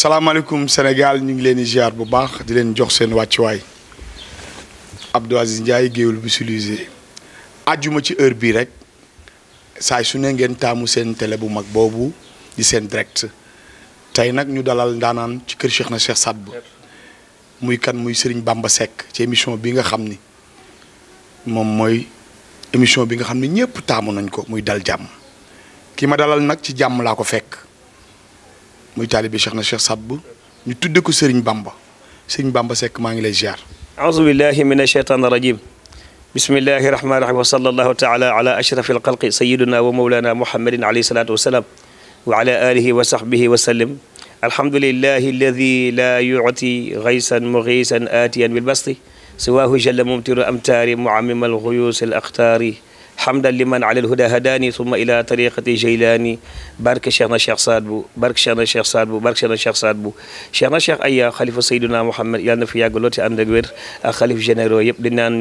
salaamaaleykum Sénégal ñu ngi leen di ziar bu baax di leen jox seen wàccuwaay Abdou Aziz Ndiaye géewul bi silusé àjjuma ci heure bii rek saay su ne ngeen taamu seen tele bu mag boobu di seen direct tey nag ñu dalal ndaanaan ci kër Cheikh na Cheikh Saad Bou muy kan muy Serigne Bamba sekk ci émission bi nga xam ni moom mooy émission bi nga xam ni ñëpp taamu nañ ko muy dal jàmm ki ma dalal nag ci jàmm laa ko fekk muy talibé Cheikh na Cheikh sabbu ñu tudde ko Serigne Bamba Serigne Bamba sék ma ngi lay ziar. a'udhu billahi minash shaitanir rajim bismillahir rahmanir rahim wa sallallahu taala ala ashrafil khalqi sayyidina wa mawlana muhammadin alayhi salatu wasalaam wa ala alihi wa sahbihi wa sallim لله الذي لا يعطي gaysan mugisan آتيا بالبسط سواه جل ممتر أمتار معمم الغيوس alaxtaari حمدا لمن على الهدى هداني ثم إلى طريقة جيلاني بارك شيخنا الشيخ سادبو بارك شيخنا الشيخ سادبو بارك شيخنا الشيخ سادبو شيخنا الشيخ أيا خليفة سيدنا محمد yàlla na fi yàgg lool ci ànd ak wér ak xalif généraux yëpp di naan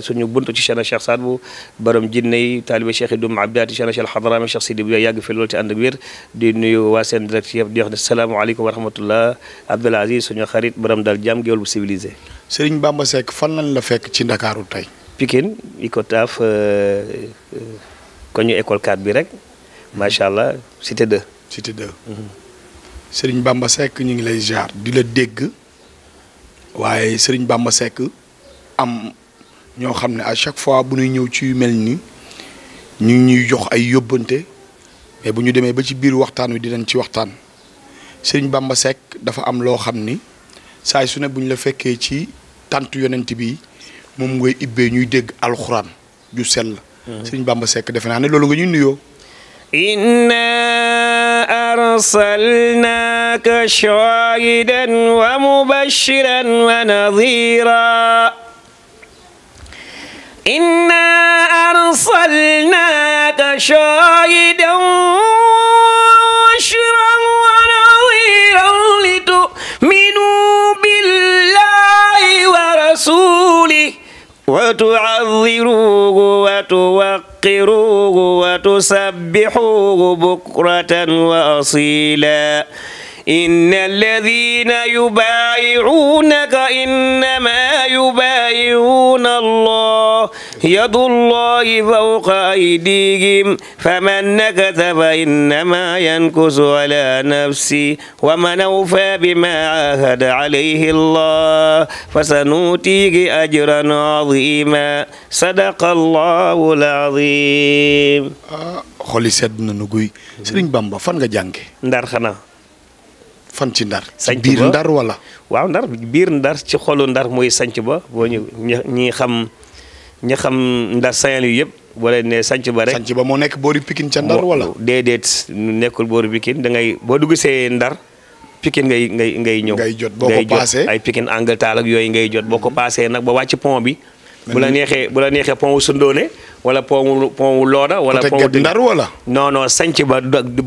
suñu buntu ci Cheikhna Cheikh Sadbou borom jinne yi taalibe Cheikh Idoum Abdaati Cheikhna Cheikh Hadrami Cheikh Sidi bu yàgg fi lool ci ànd ak wér di nuyu waa seen direct yëpp di wax ne salaamaaleykum wa rahmatullah Abdoul Aziz suñu xarit borom daal jàmm géwél bu civilisé Serigne Bamba Seck fan lañ la fekk ci Ndakaaru tey iko taf euh, ko ñu école 4 bi rek machallah cité 2 cité 2 Serigne Bamba sek ñi ngi lay jaar di la dégg waye Serigne Bamba sek am ño xamné à chaque fois bu ñuy ñew ci yu melni ni ñu ñuy jox ay yobante mais bu ñu démé ba ci biir waxtaan wi di dinañ ci waxtaan Serigne Bamba sek dafa am lo xamni say saa su ne bu la féké ci tàntu yonent bi mom ngoy ibbe ñuy deg alxuraan ju sel sëriñ Bamba sek defe naa ne lolu nga ñu arsalnaka shahidan wa mubashiran wa nadhira inna arsalnaka shahidan وتعذروه وتوقروه وتسبحوه بكرة وأصيلا إن الذين يبايعونك إنما يبايعون الله يد الله فوق أيديهم فمن نكث فإنما ينكث على نفسه ومن أوفى بما عاهد عليه الله فسنؤتيك أجرا عظيما صدق الله العظيم آه، خلي سيدنا نقول nu بامبا فنجا جانكي fan fan ci ndar. sanc biir ndar wala. waaw ndar biir ndar ci xolu ndar mooy sanc ba boo ñu ñi xam ñi xam ndar sayal yu yëpp wala ne sanc ba rek. sanc ba moo nekk boori Pikine ca ndar wala. déedéet nekkul boori Pikine da ngay boo dugg ndar. Pikine ngay ngay ngay ñëw. ngay jot boo ko paasee ay Pikine Angle Taal ak yooyu ngay jot boo ko mm-hmm. paasee nag ba wàcc pont bi. bu la neexee bu la neexee pont wu Sundoone wala pont wu pont wu Looda. wala pont di Ndar wala. non non sanc ba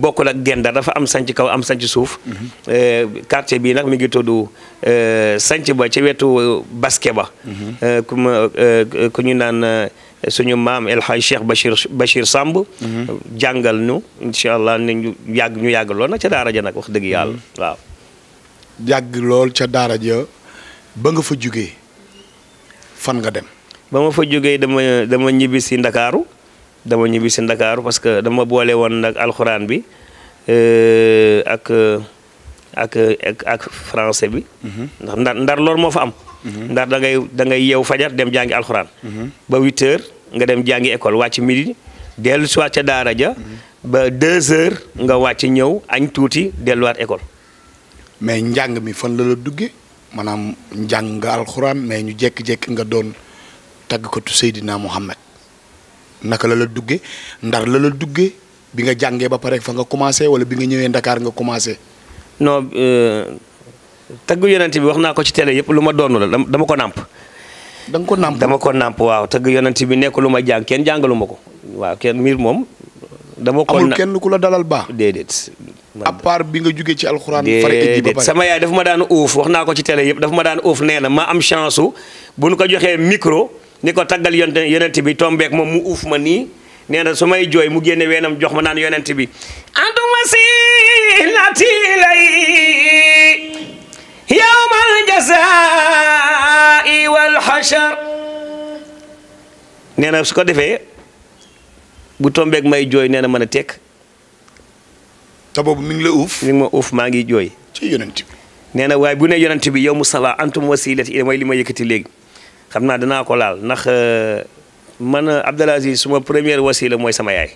bokkul ak Gendar dafa am sanc kaw am sanc suuf. Mhm. Euh, quartier bii nag mi ngi tudd euh, sanc ba ci wetu euh, baske ba. Mhm. ku ñu naan suñu maam El Hadj Cheikh Bachir Bachir Samb. Mhm. jàngal ñu incha allah ñu yàgg ñu yàgg lool nag ca daara ja nag wax dëgg yàlla waaw. yàgg lool ca daara ja ba nga fa jugee fan nga dem. ba ma fa jógee dama dama ñibbi ndakaaru dama ñibbi si ndakaaru parce que dama boole woon nag alxuraan bi euh, ak ak ak français bi. Mhm. ndax ndar ndar loolu moo fa am. Mhm. ndar da ngay da ngay yeew fajar dem jàngi alxuraan. Mhm. ba 8 nga dem jàngi école wàcc midi dellu si waat daara ja ba 2 heures nga wàcc ñëw añ tuuti delluwaat école. mais njàng mi fan la la duggee maanaam njàng nga alxuraan mais ñu jékki-jékki nga doon. tàggkatu sayidina muhammad naka la la duggé ndar la la duggé bi nga jangé ba paré fa nga commencé wala bi nga ñëwé Dakar nga commencé. non euh, tagu yonent bi waxna ko ci télé yépp luma doon la dama ko namp dang ko namp dama ko namp waaw tagu yonent bi nekk luma jang jàng kenn ko waaw kenn mir mom dama ko amul kenn kula dalal ba dedet a part bi nga jugee ci alxuraan. déedéet sama yaay dafa ma daan ouf waxna ko ci télé yépp dafa ma daan ouf néna ma am chance buñ ko joxé micro. ni ko taggal yonte yonent bi tombeek moom mu uuf ma nii nee na su may jooy mu génne weenam jox ma naan yonent bi antum wasilati lay yawmal jazaa'i wal hashar nee na su ko defee bu tombeek may jooy nee na mën a tekk te boobu mi ngi la uuf mi ma uuf maa ngi jooy ci yonent bi nee na waaye bu ne yonent bi yow Moustapha antum wasilati mooy li ma yëkkati léegi xam naa dinaa ko laal ndax euh, man euh, Abdou Aziz suma première wasila mooy sama yaay.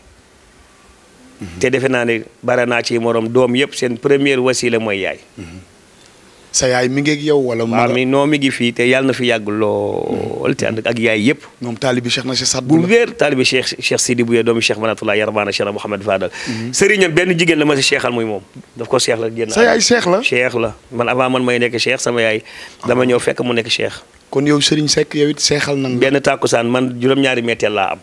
Mhm. te defe naa ne bare naa ci morom doom yëpp seen première wasila mooy yaay. Mhm. sa yaay mi ngi ak yow wala. mu mi noo mi ngi fii te yàlla na fi yàgg lool. Mhm. te ak yaay yëpp. moom taalibi Cheikh na si Saad bu wér taalibi Cheikh Cheikh Sidi Bouye doomu Cheikh Manatoulaye Yarbaana Cheikh Mouhamed Fadal. sëriñam benn jigéen la ma si Cheikhal mooy moom. daf ko Cheikh la génn. sa yaay Cheikh la Cheikh la man avant man may nekk Cheikh sama yaay. dama ah. ñëw fekk mu nekk Cheikh. kon yow Serigne Seck yow seexal na. benn tàkkusaan man juróom-ñaari metteel laa am.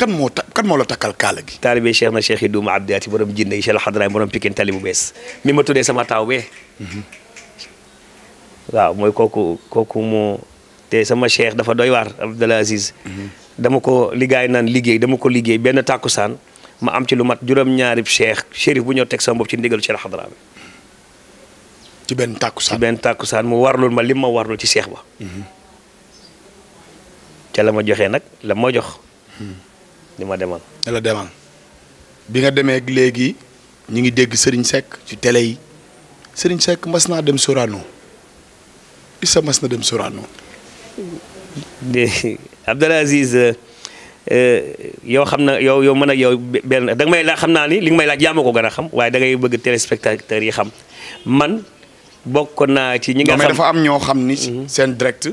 kan moo ta kan moo la takkal kaala gi. taalibe Cheikh na Cheikh Idouma Abdiati borom jinne yi Cheikh Alxadraay borom Pikine tali bu bees mi ma tuddee sama taaw bee. Mhm. waaw mooy kooku kooku moo te sama cheikh dafa doy waar Abdoul Aziz. Mhm. dama ko liggéey naan liggéey dama ko liggéey benn tàkkusaan ma am ci lu mat juróom-ñaari cheikh chérif bu ñëw teg sama bopp ci ndigalu Cheikh Alxadraay. ci benn tàkkusaan ci benn tàkkusaan mu warlul ma lim ma warlul ci seex ba. Mhm. ca la ma joxee nag la ma jox. li mhm. ma demal. ne la bi nga demee léegi ñu ngi dégg sëriñ sekk ci télé yi sëriñ sekk mas naa dem Sorano Issa mas na dem Sorano. Abdou Aziz euh, euh, yow xam na yow yow mën ak yow benn danga may laaj xam naa ni li nga may laaj yaa ma ko gën a xam waaye dangay bëgg téléspectateurs yi xam man. bokuna ci ñi nga xam dafa am ño xam ni mhm. direct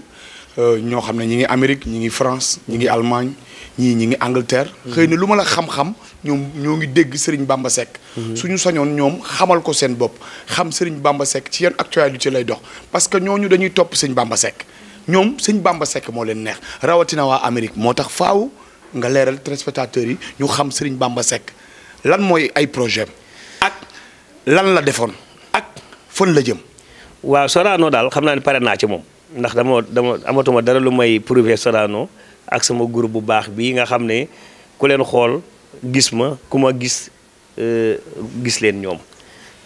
euh, ñoo xam ne ñi ngi amerique ñi ngi France ñi ngi mhm. Allemagne ñi ñi ngi Angleterre mhm. xeyna luma la xam-xam ñom ñoo ngi dégg Serigne Bamba sek. suñu soñon ñom xamal ko sen bop xam Serigne Bamba sek. ci yeen actualité lay dox parce que ñoñu dañuy top Serigne Bamba sek. ñom Serigne Bamba sek mo leen neex rawatina waa Amérique moo tax faaw nga leral téléspectateurs yi ñu xam Serigne Bamba sek. lan moy ay projet ak lan la defone ak fon la jëm waaw Sorano daal xam naa ne pare naa ci moom ndax dama dama amatuma dara lu may prouver Sorano ak sama groupe bu baax bii nga xam ne ku leen xool gis ma ku ma gis euh, gis leen ñoom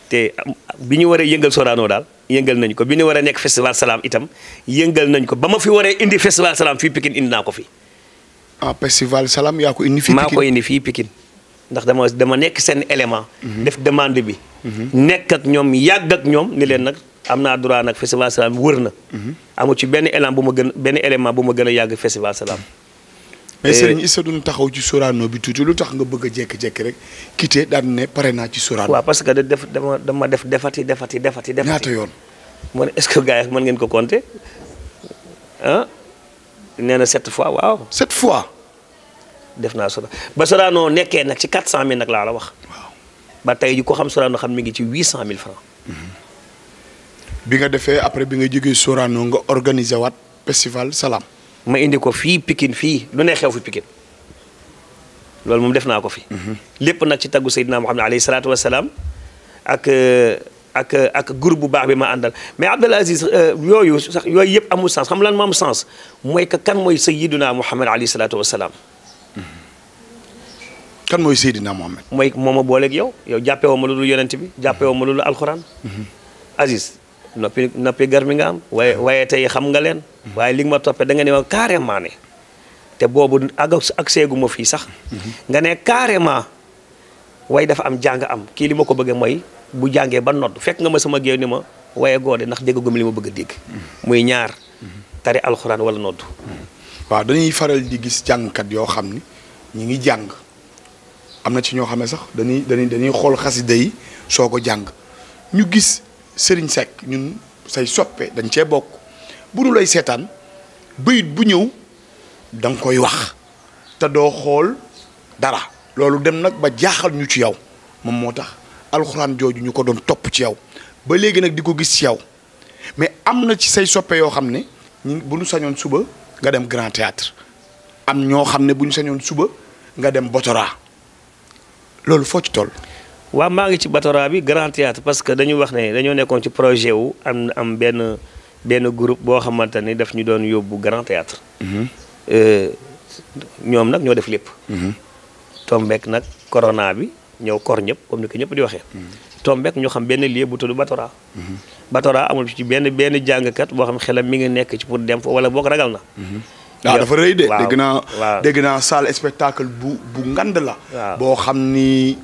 te bi ñu waree yëngal Sorano daal yëngal nañ ko bi ñu waree nekk festival salaam itam yëngal nañ ko ba ma fi waree indi festival salaam fii Pikine indi naa ko fi. ah festival salaam yaa ko indi. fii Pikine maa indi fii Pikine ndax dama dama nekk seen élément. Mhm. def demande bi. Mhm. nekk ak ñoom yàgg ak ñoom ni leen nag. am naa droit nag festival salaam wër na. amu ci benn élan bu ma gën benn élément bu ma gën a yàgg festival salaam. mais sëriñ Issa taxaw ci Sorano bi tuuti lu tax nga bëgg a jékki-jékki rek quitté daan ne pare naa ci Sorano. waaw parce que da def dama dama def defati defati defati. defati ñaata yoon. man est-ce que gars yi mën ngeen ko compter ah nee na sept fois waaw. sept fois. def naa Sorano ba Sorano nekkee nag ci quatre cent mille nag laa la wax. waaw ba tey ji ko xam Sorano xam mi ngi ci huit cent mille bi nga defee après bi nga jógee Sorano nga organiser waat festival salaam. ma indi ko fii Pikine fii lu ne xew fi Pikine loolu moom def naa ko fi. Mhm. lépp nag ci taggu Seydina Muhammad alayhi salaatu wa salaam ak euh, ak euh, ak groupe bu baax bi ma àndal mais Abdel Aziz euh, yooyu sax yooyu yëpp amul sens xam lan moo am sens mooy que kan mooy Seydina Muhammad alayhi salaatu wa salaam. Mhm. kan mooy Seydina Muhammad. mooy mooma booleeg yow yow jàppee woo ma loolu yonent bi jàppee woo ma loolu alxuraan. Mhm. Aziz. nopi garmi ngam waye waaye waaye xam nga len waye li nga ma toppee da nga ni carrément né té bobu ak ak ma sax nga né carrément waye dafa am jang am ki li mako bëgg moy bu jangé ba nodd fekk nga ma sama gëw ni ma waaye goode nak déggagum li ma bëgg tare dégg muy ñaar tari alcorane wala nodd wa dañuy faral di gis jang kat yo xamni ñi ngi jang amna ci ño xamé sax dañuy dañuy dañuy xol yi soko ko ñu gis Serigne Seck ñun say soppe dañ cee bokk bu nu lay seetaan bayit bu ñëw da koy wax te doo xool dara loolu dem nag ba jaaxal ñu ci yow moom moo tax alxuraan jooju ñu ko doon topp ci yow ba léegi nag di ko gis ci yow mais am na ci say soppe yoo xam ne ñu bu ñu sañoon suba nga dem grand théâtre am ñoo xam ne bu ñu sañoon suba nga dem Botora loolu foo ci tool waa maa ngi ci Batora bi Grand Théâtre parce que dañu wax ne dañoo nekkoon ci projet wu am am benn benn groupe boo xamante ni daf ñu doon yóbbu Grand Théâtre mhm. euh, ñoom nag ñoo def lépp mhm. tombeek nag corona bi ñëw kor ñëpp comme ni ñëpp di waxee mhm. tombeek ñu xam benn lieu bu tudd Batora Batora amul ci benn benn jàngkat boo xam xelam mi ngi nekk ci pour dem fa wala boo ko ragal na waaw ah, dafa rëy de dégg naa dégg naa bu bu ngand la boo xam ni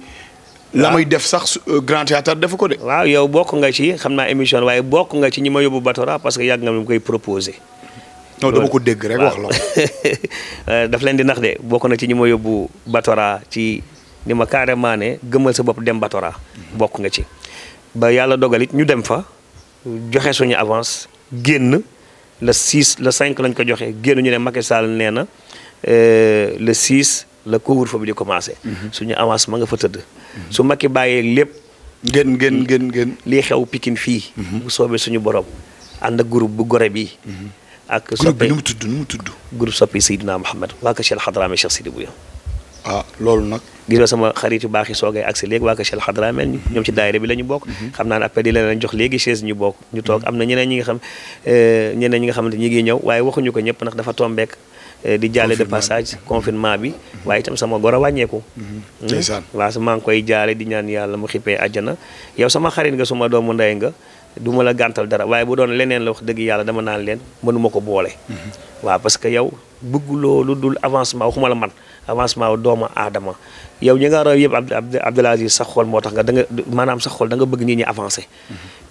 la muy def sax euh, grand théâtre defu ko de. waaw yow bokk nga ci xam naa émission waaye bokk nga ci ñi ma yóbbu Batora parce que yàgg nga mu koy proposé. non dama ko dégg rek wax la euh, daf leen di nax de bokk na ci ñi ma yóbbu Batora ci ni ma carrément ne gëmal sa bopp dem Batora. Mhm. bokk nga ci ba yàlla dogal it ñu dem fa joxe suñu avance génn le 6 le 5 lañ ko joxe génn ñu ne Macky Sall nee na euh, le 6 le couvre-feu bi di commencé. Mhm. suñu avance ma nga fa tëdd. su Macky bàyyee lépp. gën gën gën gën. lii xew Pikine fii. Mhm. bu soobee suñu borom. ànd ak groupe bu gore bi mhm. ak soppe groupe bi nu mu tudd nu mu tudd. groupe soppi Seydina Mohamed waa ko Cheikh Hadrame Cheikh Sidi ah, loolu nag. gis nga sama xarit yu baax yi soogay ak si léegi waa ko Cheikh Hadrame mhm. ñoom ci daayira bi la ñu bokk. xam naa ne après di leen jox léegi chaise ñu book ñu toog am na ñeneen ñi nga xam euh, ñeneen ñi nga xamante ñi ngi ñëw waaye waxuñu ko ñëpp nag dafa tombeek Eh, di jaale de passage confinement bi waaye sama goro wàññeeku mhm. hmm. waaw maa ngi koy jaale di ñaan yàlla mu xippee àjjana yow sama xarit nga suma doomu ndey nga duma ma la gàntal dara waaye bu doon leneen la wax dëgg yàlla dama naan leen mënuma ko boole. waaw parce que yow bëgguloo lu dul avancement waxuma la man avancement wu dooma aadama yow ñi nga raw yëpp Abdou Abdoul Aziz sax xool moo tax nga da nga maanaam sax xool danga bëgg nii ñi avancé.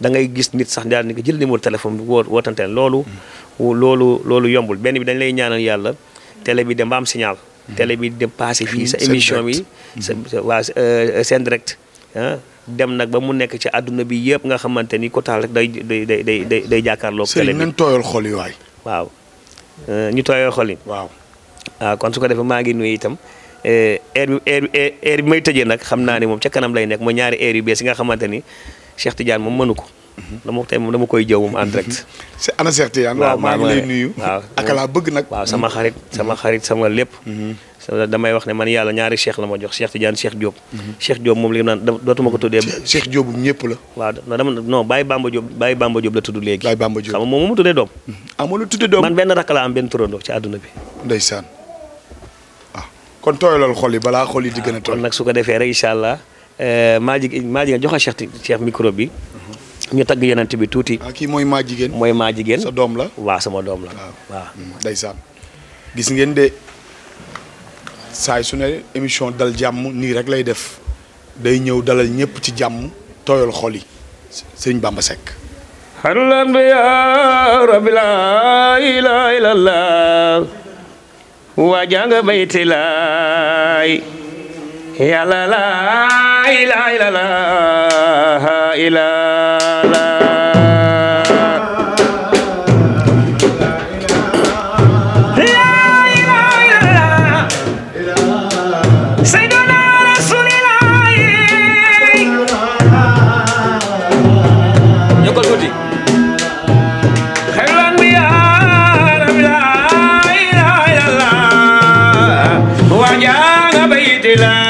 dangay gis nit sax daal ni ko jël numéro téléphone bi woo wootante loolu. loolu loolu yombul benn bi dañ lay ñaanal yàlla télé bi dem ba am signal. tele bi dem passé fii sa émission bi. sa waa euh, seen direct. Ah, dem nag ba mu nekk ci àdduna bi yëpp nga xamante ni ko taal rek day day day day day jàkkaarloo. télé bi nañ tooyal xol yi waay. waaw eh, ñu tooyal xol yi. waaw waaw ah, kon su ko defee maa ngi nuyu itam eh, air bi air air bi may tëjee nag xam naa ni moom ca kanam lay nekk moo ñaari air yu bees yi nga xamante ni Cheikh Tidiane moom mënu ko. dama tey moom dama koy jëw moom andrek direct. c'est Ana Cheikh Tidiane waaw maa ngi lay nuyu. ak bëgg sama xarit hmm. sama xarit hmm. sama lépp. damay wax ne man nyari ñaari cheikh la ma jox Cheikh Tidiane Cheikh Diop. Cheikh Diop moom li mu naan dootuma ko tuddee. Cheikh Diop ñëpp la. waaw non dama non Baye Bamba Diop Baye Bamba Diop la tudd léegi. Baye Bamba Diop xam nga moom moo ma tuddee doom. ah man benn rakk laa am benn turandoo ci àdduna bi. ndeysaan waaw kon tooyalal di gën a tooy. kon nag su ko defee rek incha allah eh, maa ji ji Cheikh Cheikh micro bi ñu tagg yenen tibi tuuti. ah kii mooy maa jigéen mooy maa jigéen. sa dom la wa sama dom la. Ah. wa mm, ndaysan gis ngeen de say su ne émission dal jamm ni rek lay def day ñew dalal ñepp ci jamm toyol xoli serigne bamba sek Seck. bi ya rabbi laa ilaaha illallaah waa jàng bayti laay. يا لا لا إله إلا لا إلا لا la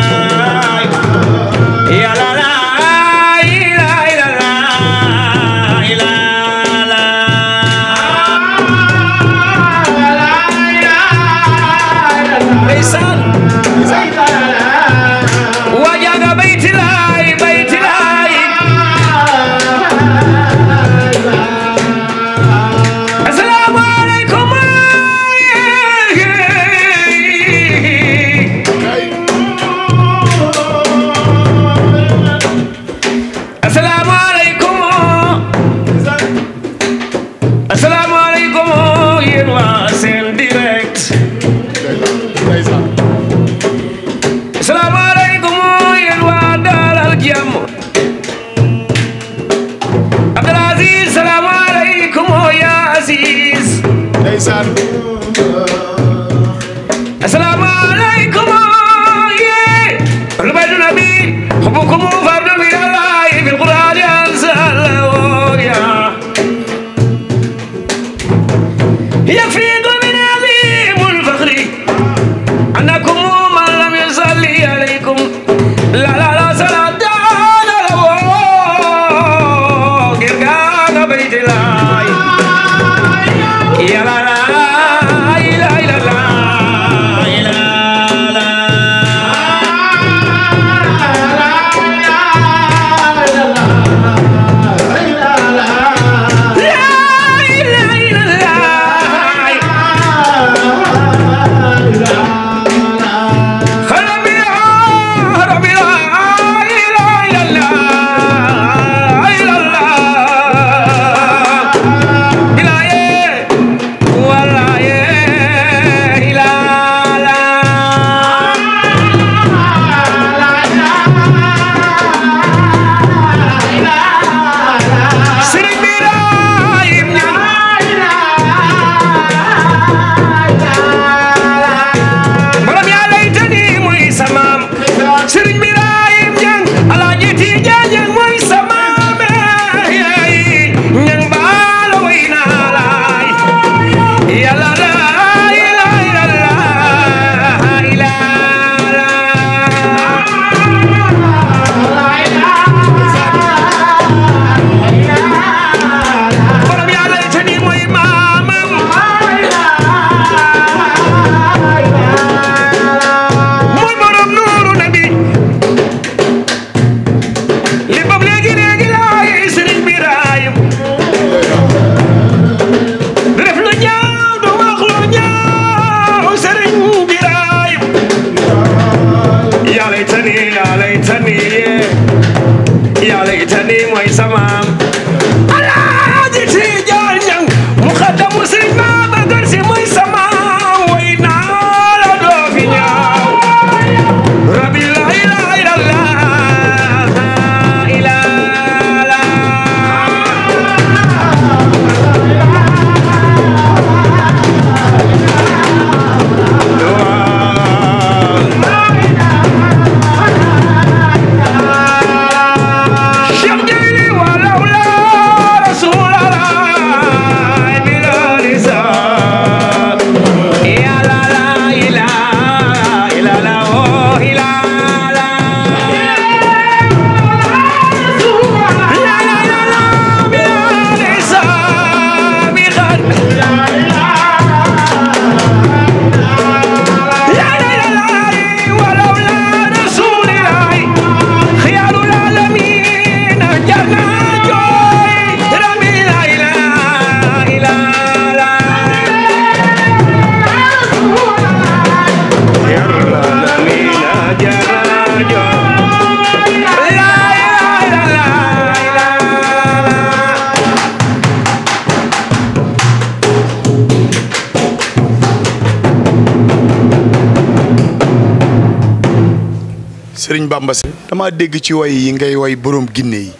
Sëriñ Bamba si damaa dégg ci way yi ngay way boroom Ginne yi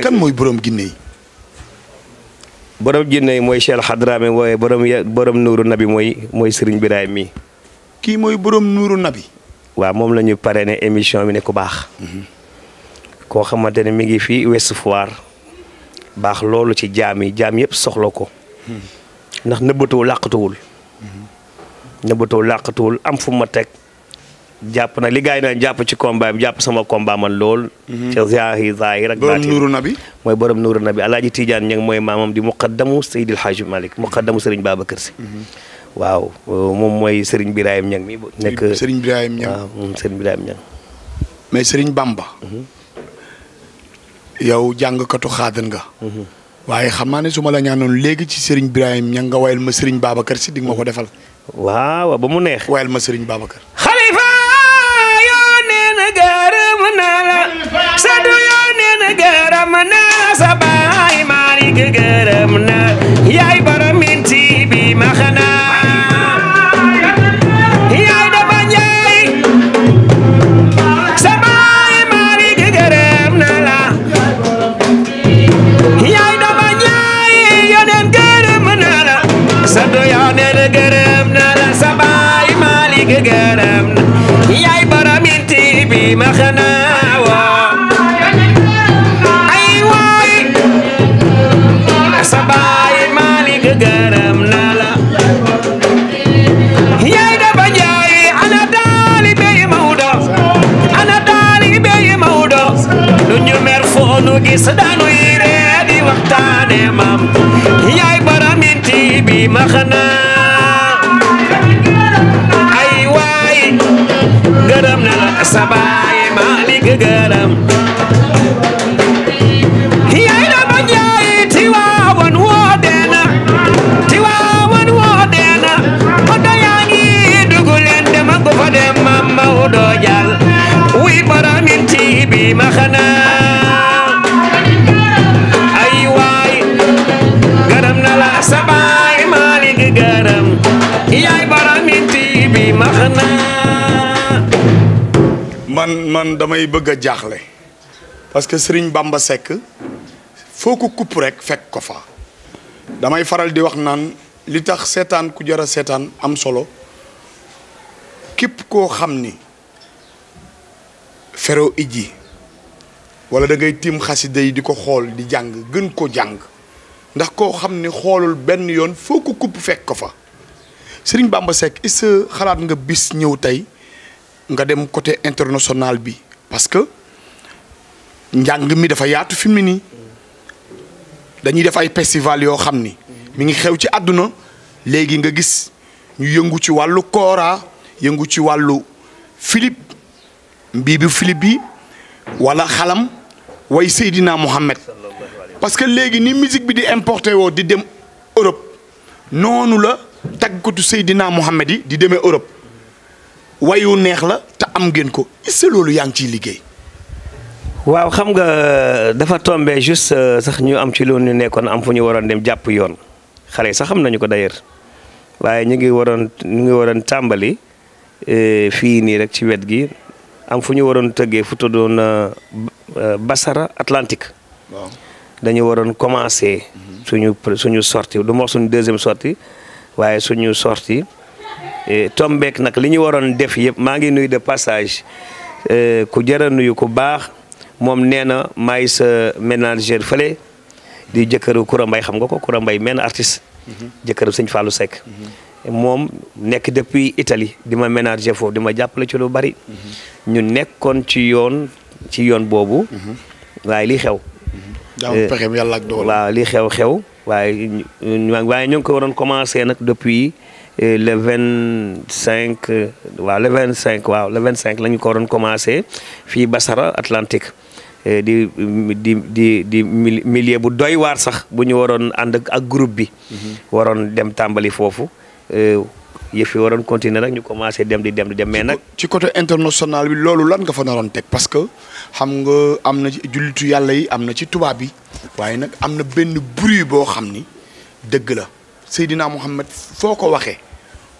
kan mooy boroom Ginne yi borom jinne yi mooy Cheikh Hadraame waaye borom borom nuuru nabi mooy mooy Serigne Birahim mi kii mooy borom nuuru nabi waaw moom la pare ne émission bi ne ku baax mhm. koo xamante ne mi ngi fii Ouest Foire baax loolu ci jaam yi jaam yëpp soxla ko mhm. ndax nëbbatuwul làqatuwul mhm. nëbbatuwul làqatuwul am fu ma teg jàpp na li gars yi naan jàpp ci combat jàpp sama combat man lool. Mhm. ca zaahi zaahir ak baatin borom nuuru nabi. mooy borom nuuru nabi Alaaji Tidiane ñang mooy maamam di muqaddamu Seydil Hadji Malick muqaddamu Serigne Babacar Sy. Mhm. waaw moom mooy Serigne Birahim ñang mi nekk Serigne Birahim ñang waaw moom Serigne Birahim ñang mais Serigne Bamba. Mhm. yow jàngkatu xaadan waaye xam naa ne su ma la ñaanoon léegi ci Serigne Birahim ñang nga wayal ma Serigne baaba Sy di nga ko defal. waaw ba mu neex. wayal ma Serigne Babacar. xalifa. gërëm na sa baay Malick gërëm na yaay ba man man damay bëgg jaxlé parce que Serigne Bamba sek, foo ko rek fek ko fa damay faral di wax nan li tax sétane ku jara sétane am solo kep ko xamni féro fero iji wala da ngay tim khasside yi di ko di jang gën ko jang ndax ko xamni xolul ben yon yoon foo fek ko fa Serigne Bamba sek est-ce que nga bis ñew tay nga dem côté international parce que njang mi dafa yaatu film ni dañuy mi ngi xew ci nga gis ñu yëngu ci kora yëngu ci walu Philippe. Nous bi Philippe. bi wala xalam way Seydina Mohamed parce que avons ni musique bi di importer wo di dem Europe nonu la des Seydina Mohamed di Europe wayu neex la te am ngeen ko est-ce loolu yaa ngi ciy liggéey. waaw xam nga dafa tombé juste euh, sax ñu am ci loolu ñu nekkoon am fu ñu waroon dem jàpp yoon xale yi sax xam nañu ko d'ailleurs waaye ñu ngi waroon ñu ngi waroon tàmbali euh, fii nii rek ci wet gi am fu ñu waroon tëggee fu tuddoon euh, Basara Atlantique. waaw dañu waroon commencer. Mhm. suñu suñu sortie du ma wax suñu deuxième sortie waaye suñu sortie Eh, tombeek nag li ñu waroon def yëpp maa ngi nuyu de passage eh, ku jëra nuyu ku baax moom nee na maay sa ménagère fële di jëkkëru Koura Mbaye xam nga ko Koura Mbaye menn artiste jëkkëru sëñ Fallou Seck moom nekk depuis itali di ma ménager foofu di ma jàppale ci lu bari ñu nekkoon ci yoon ci yoon boobu waaye li xew eh, waaw li xew xew waaye waaye ñu ngi ko waroon commencé nag depuis le vingt cinq waaw le vingt cinq waaw le vingt cinq la ñu ko waroon commencé fii Basara Atlantique di di di di milieu bu doy waar sax bu ñu waroon ànd ak groupe bi. Mhm. waroon dem tàmbali foofu. yëf yi waroon continuer nag ñu commencé dem di dem di dem mais nag. ci côté international bi loolu lan nga fa naroon teg parce que xam nga am na ci jullitu yàlla yi am na ci tubaab yi waaye nag am na benn bruit boo xam ni dëgg la Seydina Mohamed foo ko waxee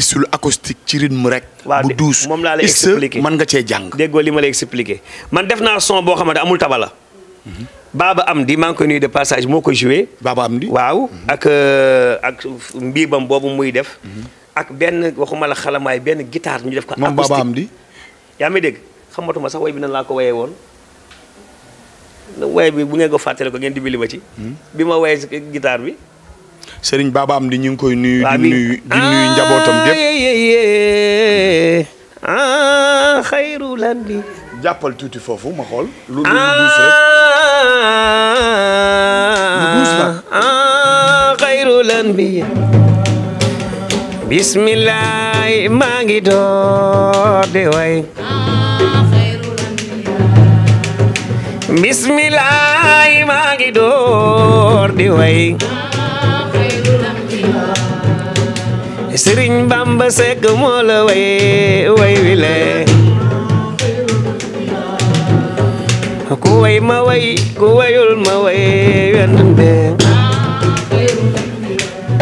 style acoustique ci rythme rek. bu douce moom laa lay expliqué man nga cee jàng. déggoo li ma lay expliqué man def naa son boo xamante amul tabala. Baba Amdi maa ngi koy nuyu de passage moo ko joué. Baba Amdi waaw mhm. ak euh, ak mbiibam boobu muy def. Mhm. ak benn waxuma la xalamaay benn gitaar ñu def ko. acoustique moom Baba Amdi. yaa ngi dégg xamatuma sax way bi nan laa ko wayee woon. waaye bi bu ngeen ko fàttale ko ngeen dimbali ma ci. Mhm. bi ma wayee guitare bi. sëriñ baabaam di ñu ngi koy nuyu. di nuyu di nuyu njabootam gépp ah, ah xayru lan bi. jàppal tuuti foofu ma xool. lu lu ah, duus rek. lu duus la. ah xayru lan bi. bismillah maa ngi door de waay. ah xayru lan bi. bismillah maa ngi door de waay. Sëriñ Bamba Seck moo way way wi ku way ma way ku wayul ma way wendun be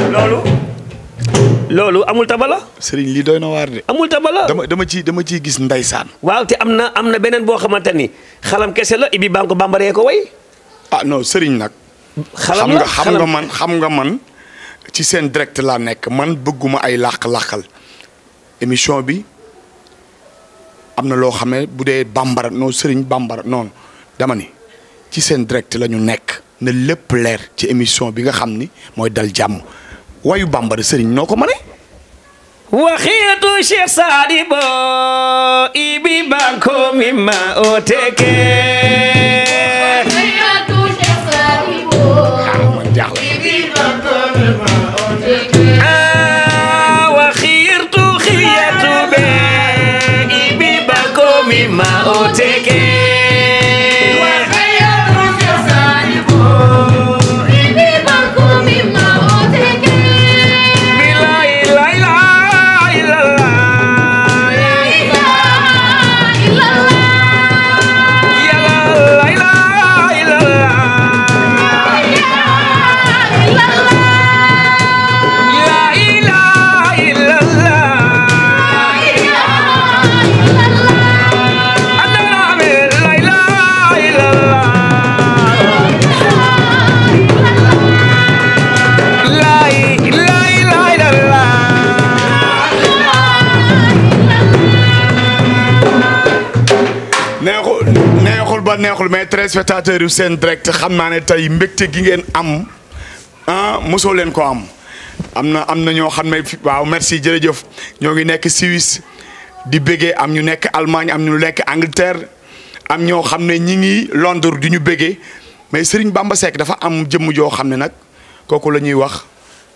loolu loolu amul tabala sëriñ lii doy na waar de amul tabala dama ci dama ciy gis ndaysaan waaw te am na am na beneen boo xamante ni xalam kese la ibi banko bambaree ko way ah non sëriñ nag xam nga xam nga xam nga man ci seen direct laa nekk man bëgguma ay làq-làqal émission bi am na loo xam ne bu dee bambara non sëriñ bambara noonu dama ni ci seen direct la ñu nekk na lépp leer ci émission bi nga xam ni mooy dal jàmm wayu bambara sëriñ noo ko mënee waxiitu Cheikh Sadiboo ibi banko mi ma o my old neexul mais téléspectateurs yu seen direct xam naa ne tey mbégte gi ngeen am ah mosoo leen ko am am na am na ñoo xam ne waaw merci jërëjëf ñoo ngi nekk Suisse di bëggee am ñu nekk Allemagne am ñu nekk Angleterre am ñoo xam ne ñi ngi Londres di ñu bëggee mais Serigne Bamba Seck dafa am jëmm joo xam ne nag kooku la ñuy wax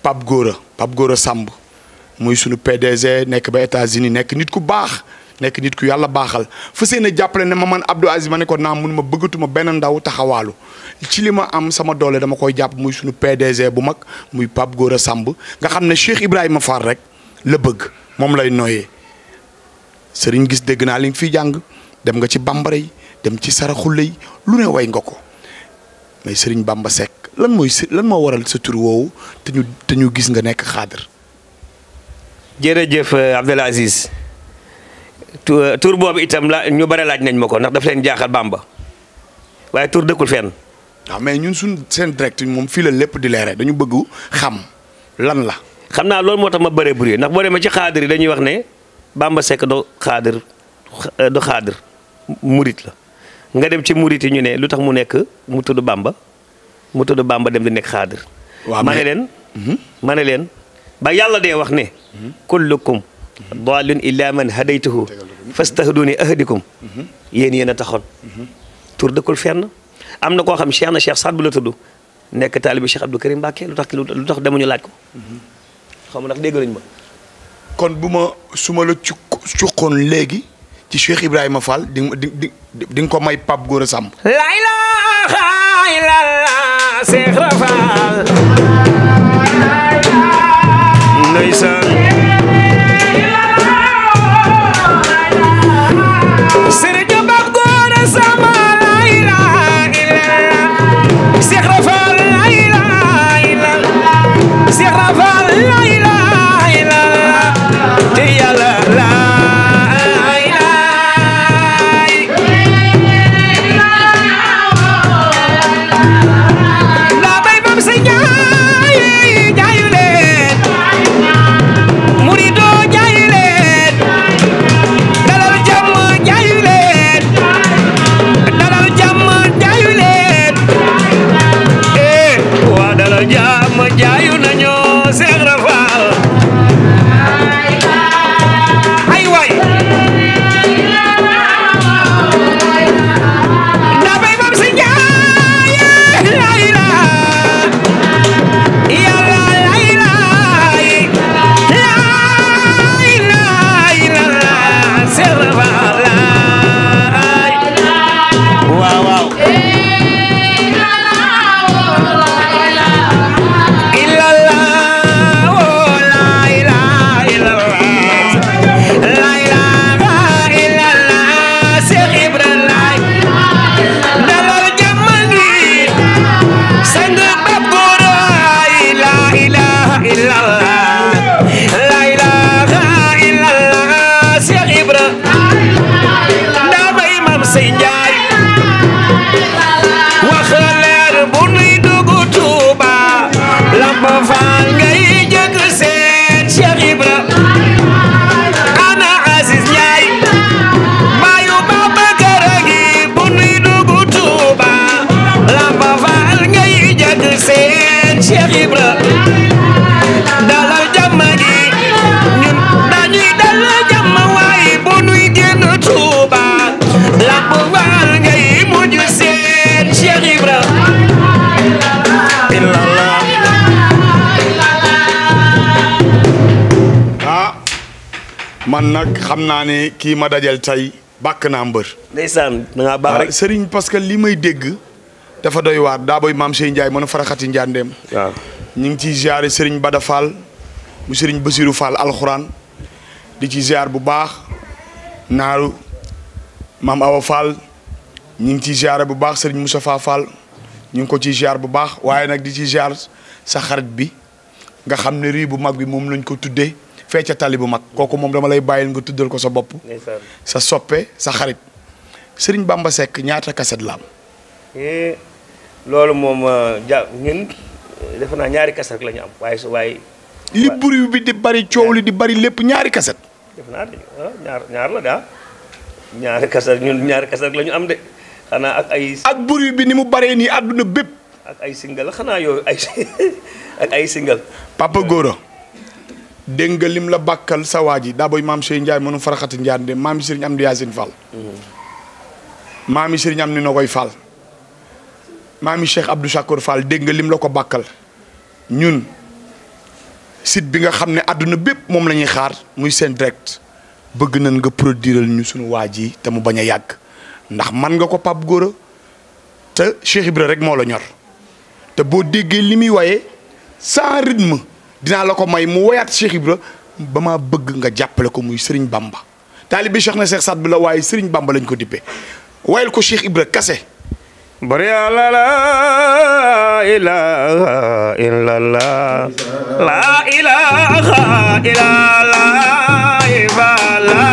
Pape Gora Pape Gora Samb muy sunu PDG nekk ba États-Unis nekk nit ku baax. nekk nit ku yàlla baaxal fu seen a jàppale ne ma man Abdou Aziz ma ne naa mun ma bëggatuma benn ndaw taxawaalu ci li ma am sama doole dama koy jàpp muy suñu PDG bu mag muy Pape Gora sàmb nga xam ne Cheikh Ibrahima Fall rek la bëgg moom lay nooyee sëriñ gis dégg naa li fi jàng dem nga ci bambara dem ci saraxule yi lu ne way nga ko may sëriñ Bamba Seck lan mooy lan moo waral sa tur woowu te ñu gis nga nekk xaadir jërëjëf tur euh, boobu itam la ñu bare laaj nañ ma ko ndax daf leen jaaxal Bamba waaye tur dëkkul fen waaw ah, mais ñun suñ seen direct moom fii la lépp di leere dañu bëgg xam lan la. xam naa loolu moo tax ma bëree bëri ndax boo demee ci xaadir yi dañuy wax ne bàmba Seck do xaadir euh, do murit la nga dem ci murit yi ñu ne lu tax mu nekk mu tudd bàmba mu tudd bàmba dem di nekk xaadir. waaw ma ne leen. Mhm. ma ne leen ba yàlla dee wax ne. Mhm. kullukum ضال الا من هديته فاستهدوني اهدكم يين ينا تخون تور دكل فين امنا كو خام شيخنا شيخ صاد بلا تودو نيك طالب شيخ عبد الكريم باكي لوتاخ لوتاخ دمو لاج كو خام ناخ ديغ نان ما كون بوما سوما لا تشوكون لغي تي شيخ ابراهيم فال دي نكو ماي باب غورا سام لا اله الا الله شيخ رفال ليسان summer. xam naa ne kii ma dajal tey bàkk naa mbër. ndeysaan da sëriñ parce que li may dégg dafa doy waar daa maam Cheikh Ndiaye mën a faraxati Ndiandeem. waaw ñu ngi ciy ziare sëriñ Bada Fall mu sëriñ Basirou Fall alxuraan di ci ziar bu baax naaru maam Awa Fall ñu ngi ciy ziare bu baax sëriñ Moustapha Fall ñu ngi ko ci ziar bu baax waaye nag di ci ziar sa xarit bi nga xam ne rii bu mag bi moom lañ ko tuddee. fecha tali bu mag kooku moom dama lay bayil nga tuddal ko sa bop sa soppe sa xarit Serigne Bamba sek ñaata cassette lam am eh, lolu mom euh, ja ñun defe ñaari cassette lañu am waaye su li buri bi di bari ciowli di bari lepp ñaari cassette def naa ah, ñaar ñaar la da ñaari cassette ñun ñaari cassette lañu am de xana ak ay ak buri bi ni mu bare ni aduna bepp ak ay single xana yo ay ak ay single Papa goro dégg nga lim la bàkkal sa waa ji daa booy maam Cheikh Ndiaye mënu faraxati Ndiaye de maam Serigne Amdi Yacine Fall. Mm-hmm. maam Serigne Amdi Nogoy Fall. maami Cheikh Abdou Chakour Fall la ko bàkkal ñun sit bi nga xam ne àdduna bépp moom la ñuy xaar muy seen direct bëgg nañ nga produiral ñu suñu waa ji te mu bañ a yàgg ndax man nga ko Pape Gora te Cheikh Ibra rek moo la ñor te boo déggee li muy waye sans rythme dina la ko may mu wayat Cheikh Ibra ba maa bëgg nga jappalé ko muy Serigne Bamba talib Cheikh na Cheikh Saad la way Serigne Bamba lañ ko dippé wayal ko Cheikh Ibra kase bari ya la la ilaha illallah la ilaha illallah ibala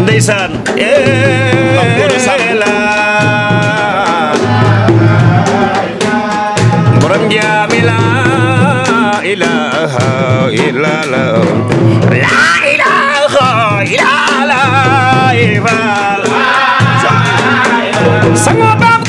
ndeysaan la borom jaami إله إلا الله لا إله إلا الله Sang apa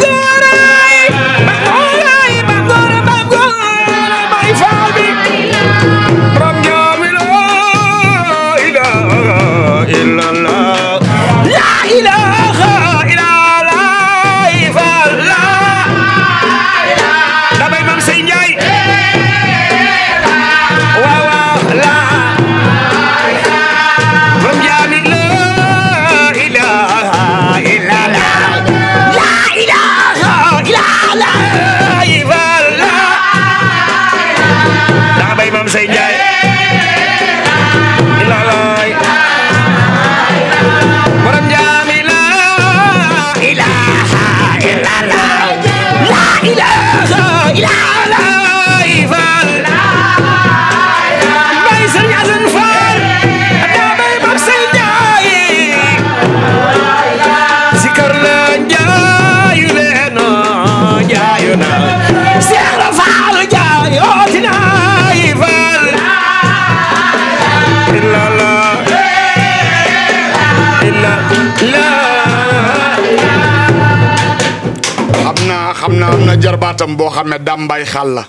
tubaarkàl la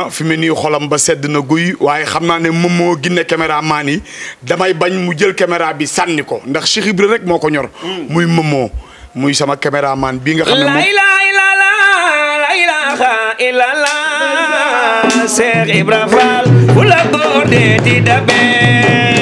ah fi mu nii xolam ba sedd na guy waaye xam naa ne moom moo ginne caméraman yi damay bañ mu jël caméra bi sànni ko ndax Cheikh Ibra rek moo ko ñor. Mm. muy mëmoo muy sama caméraman bii nga xam ne moom. Cheikh Ibra Fall.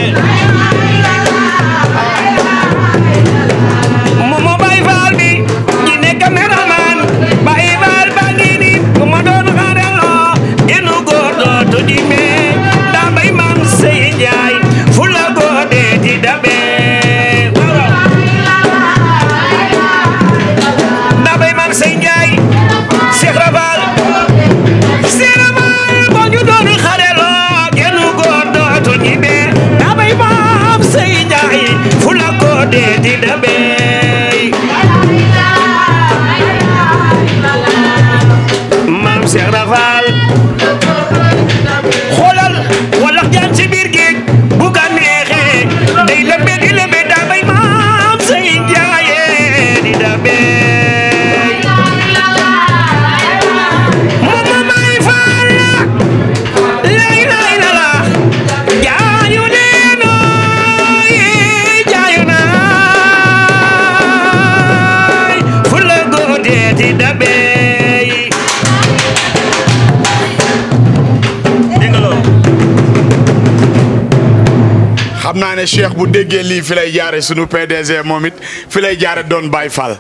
ne Cheikh bu déggee lii fi lay jaare sunu PDG moom it fi lay jaare doon Baye Fall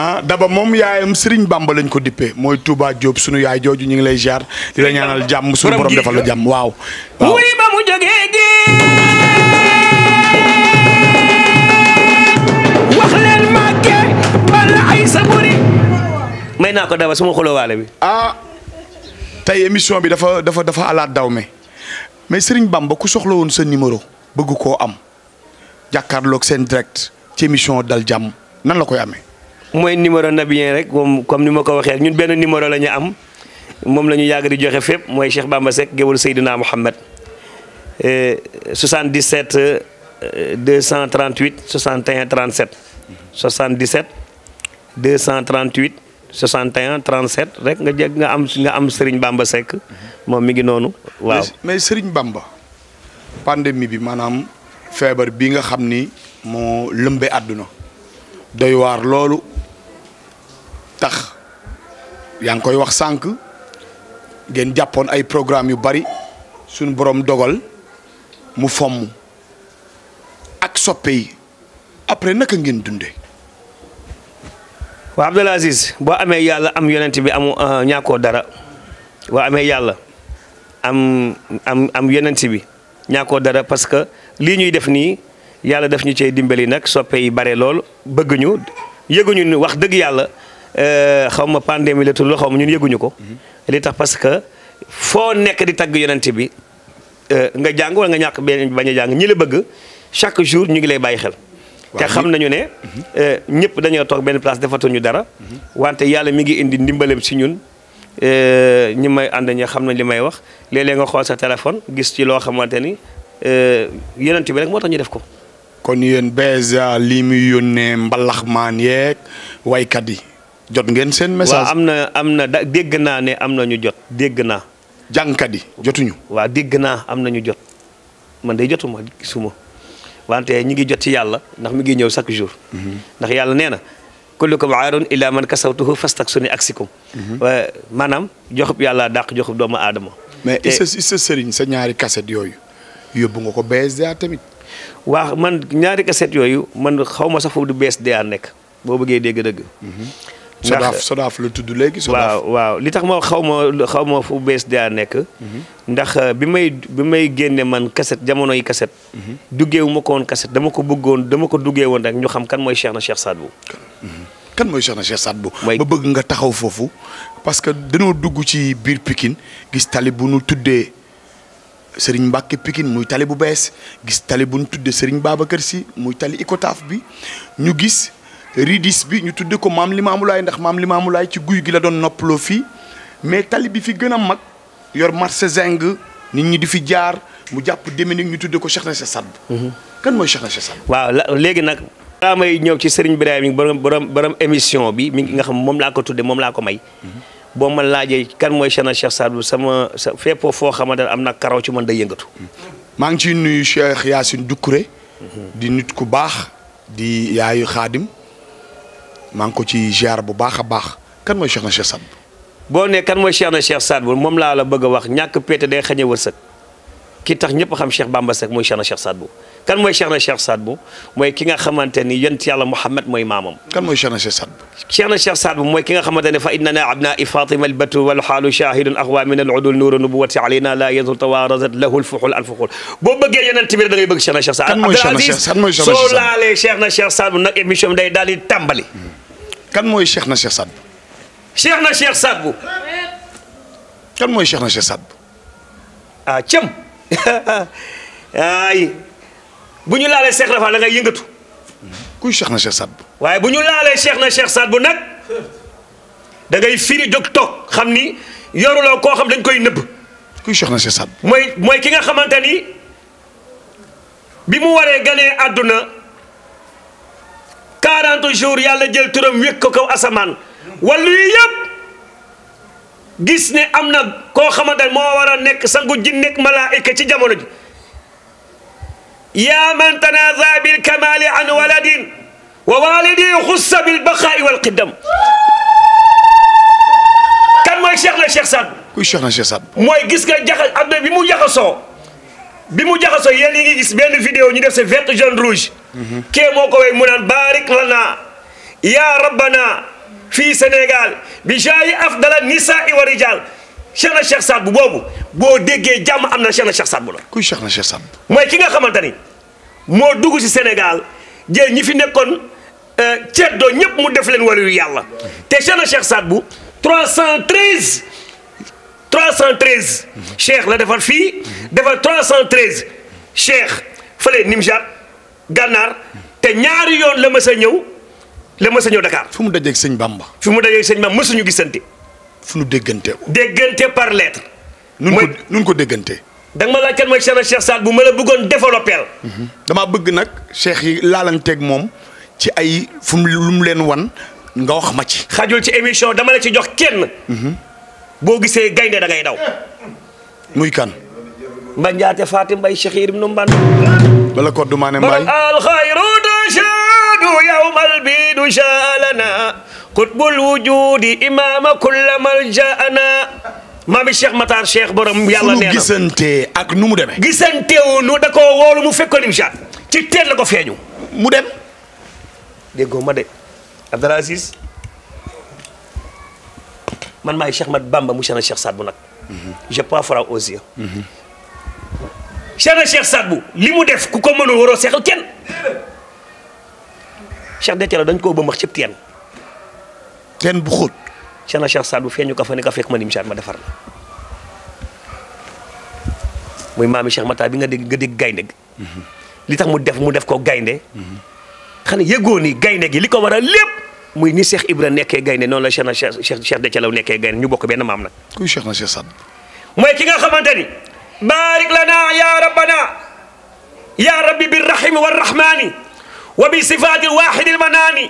ah daba moom yaayam Serigne Bamba lañ ko dippee mooy Touba Diop sunu yaay jooju ñu ngi lay jaar di la ñaanal jàmm sunu borom defal la jàmm naa ko daba suma xoloo waale bi. ah tey émission bi dafa dafa dafa alaat daw me mais Serigne Bamba ku soxla woon sa numéro. bëgg ko am ak sen direct ci émission dal jam nan la koy amé moy numéro nabien rek moom comme nima ko waxé ñun ben numéro lañu am mom lañu yag di joxé fep moy Cheikh Bamba gëwul sayyidina mohammed eh, euh 77 238 61 37 77 238 61 37 rek nga jeg nga am nga am Serigne Bamba sek, mom mi ngi nonu waaw mais Serigne Bamba. pandémie bi maanaam feebar bi nga xam ni moo lëmbe àdduna doy waar loolu tax yaa ngi koy wax sànq ngeen jàppoon ay programme yu bari suñu borom dogal mu fomm ak soppe yi après naka ngeen dunde waa Abdoul boo amee yàlla am yonent bi amu euh, ñàkkoo dara boo amee yàlla am am am yonent bi. ñàkkoo dara parce que lii ñuy def nii yàlla daf ñu cee dimbali nag soppe yi bare lool bëgg ñu yëguñu ni wax dëgg yàlla euh, xaw ma pandémie la tudd xaw ma ñun yëguñu ko. Mm-hmm. li tax parce que foo nekk di tagg yonent bi euh, nga jàng wala nga ñàkk benn bañ a jàng ñi la bëgg chaque jour ñu ngi lay bàyyi xel. te xam nañu ne mm-hmm. euh, ñëpp dañoo toog benn place defatuñu dara. Mm-hmm. wante yàlla mi ngi indi ndimbalam si ñun. Euh, ñi may ànd ñi xam nañ li may wax léeg-léeg nga xool sa téléphone gis ci loo xamante ni euh, yeneen bi rek moo tax ñu def ko. kon yéen BSDA lii muy yónnee mbalax maan yeeg waykat yi jot ngeen seen message. waaw am na am na da dégg naa ne am na ñu jot dégg naa. jàngkat yi jotuñu. waa dégg naa am na ñu jot man de jotuma gisuma wante ñi ngi jot ci yàlla ndax mi ngi ñëw chaque jour. Mhm. ndax yàlla nee na. kullukum aarun illa man kasawtuhu fastaksuni aksikum mhm. maanaam joxub yàlla dàq joxub doomu aadama mais sa sa sëriñ sa ñaari kaset yooyu yóbbu nga ko BSDA tamit waaw man ñaari kaset yooyu man xaw ma sax foofu du BSDA nekk boo bëggee dégg dëgg mhm. sodaaf sodaaf la tudd léegi. sodaaf waaw li tax ma xaw ma xaw ma fu bees daa nekk. Mhm. ndax euh, bi may bi may génne man kaset jamono yi kaset. Mhm. duggee wu ma ko woon kaset dama ko bëggoon dama ko duggee woon rek ñu xam kan mooy Cheikhna Cheikh Sadbou. Mhm. kan mooy Cheikhna Cheikh Sadbou. mooy ma bëgg nga taxaw foofu parce que dañoo dugg ci biir Pikine gis tali bu nu tuddee. sëriñ Mbacke Pikine muy tali bu bees gis tali bu nu tuddee sëriñ kër si muy tali Icotaf bi ñu gis. ridis bi ñu tudde ko maam Limaamu Laay ndax maam Limaamu Laay ci guy gi la doon noppaloo fii mais tali bi fi gën a mag yor marché zing nit ñi di fi jaar mu jàpp Dominique ñu tudde ko Cheikh na Cheikh Sadd mhm. kan mooy Cheikh na Cheikh Sadd waaw nag laa may ñëw ci Serigne Birahim yi borom borom borom émission bi mi nga xam moom laa ko moom laa ko may mhm. boo ma laajee kan mooy Cheikh na Cheikh sama sa fépp foo xamante ne am na karaw ci man day yëngatu maa ngi ciy nuyu Cheikh Yacine Doucouré mhm. di nit ku baax di yaayu xaadim maa ngi ko ci ziar bu baax a baax kan mooy Cheikh na Cheikh Saad boo ne kan mooy Cheikh na Cheikh Saad moom laa la bëgg a wax ñàkk péete day xañe wërsëg ki tax ñëpp xam Cheikh Bamba sek moy Cheikh na Cheikh sadbu kan moy Cheikh na Cheikh sadbu moy ki nga xamanteni yent yàlla Muhammad moy mamam kan moy Cheikh na Cheikh sadbu Cheikh na Cheikh sadbu moy ki nga xamanteni ne fa innana abna Fatima albatu wal halu shahidun aghwa min al udul nuuru nubuwati alayna la yazul tawarazat lahu al fuxul al fuxul boo bëggee yonent bi da ngay beug Cheikh na Cheikh sadbu kan moy Cheikh na Cheikh Saad Bou Abdou Aziz soo laalee Cheikh na Cheikh sadbu nak émission day dali tàmbali. kan moy Cheikh na Cheikh sadbu Cheikh na Cheikh sadbu kan moy Cheikh na Cheikh sadbu Bou. ah cëm ay bu ñu laalee Cheikh Rafa da ngay yëngatu. kuy Cheikh na Cheikh Saad waaye bu ñu laalee Cheikh na Cheikh Saad bu nag dangay ngay firi jóg toog xam ni yoruloo koo xam dañ koy nëbb. kuy Cheikh na mooy mooy ki nga xamante ni bi mu waree ganee àdduna 40 jours yàlla jël turam wékk ko kaw asamaan wàllu yi yëpp. gis ne am na koo xamante ne moo war a nekk sangu jinneeg malaayika ci jamono ji yaa man tanaza bil kamali an waladin wa walidi xussa bil baqaai wal qiddam kan mooy cheikh na cheikh Saad kuy cheikh na cheikh Saad mooy gis nga jaxa adduna bi mu jaxasoo bi mu jaxasoo yéen yi ngi gis benn vidéo ñu def sa vert jaune rouge kee moo ko way mu naan baarik lana yaa rabbana fii Sénégal bi jaayi afdala nisaai wa rijal cheikh na cheikh Saad bu boobu boo déggee jàmm am na cheikh na cheikh Saad bu la. kuy cheikh na cheikh Saad mooy ki nga xamante ni moo dugg si Sénégal jël ñi fi nekkoon euh, ceddo ñëpp mu def leen waliyu yàlla te cheikh na cheikh Saad bu 313 313 cheikh la defar fii defar 313 cheikh fële Nimjar gànnaar te ñaari yoon la mës ñëw. la ma sa ñëw Dakar. fu mu dajeeg sëñ Bamba. fu mu dajeeg sëñ Bamba mësuñu gisante. fu nu déggante. déggante par lettre. nun ko nun ko déggante. da ma laaj kan mooy Cheikh na bu ma la bëggoon développé mhm. damaa bëgg nag cheikh yi laalanteeg moom ci ay fu mu lu mu leen wan nga wax ma ci. xajul ci émission dama la ci jox kenn. Mhm. boo gisee gaynde da ngay daw. muy kan. Mbanjaate Fatim Mbaye Cheikh Yérim nu Mbane. bala ko dumaane Mbaye. alxayru يوم البيد شالنا قطب الوجود إمام كل ملجأنا maam bi Cheikh Matar Cheikh borom yàlla nee ak nu mu demee. gisante wu nu da woolu mu fekkoon imsa ci teel feeñu mu dem. déggoo ma de Abdallah Aziz man maay Cheikh Mat Bamba mu Cheikh Sadbou nag. je pas froid aux yeux. Mhm. Cheikh Sadbou li mu def ku ko mënul waroo kenn. Cheikh Déthié la dañ koo bëmbax cib teen teen bu xóot Cheikh na Cheikh Saad feeñu ko fa ne ma nim saat ma defar la muy maami Cheikh Mata bi nga dégg nga dégg gaynde mhm. li tax mu def mu def ko gaynde mhm. xanaa yëgoo ni gaynde gi li ko waral lépp muy ni Cheikh Ibra nekkee gaynde noonu la Cheikh na Cheikh Cheikh Déthié nekkee gaynde ñu bokk benn maam na Cheikh ki nga xamante baarik lana ya rabbana ya rabbi bi rahim wa rahmani وبصفات الواحد المناني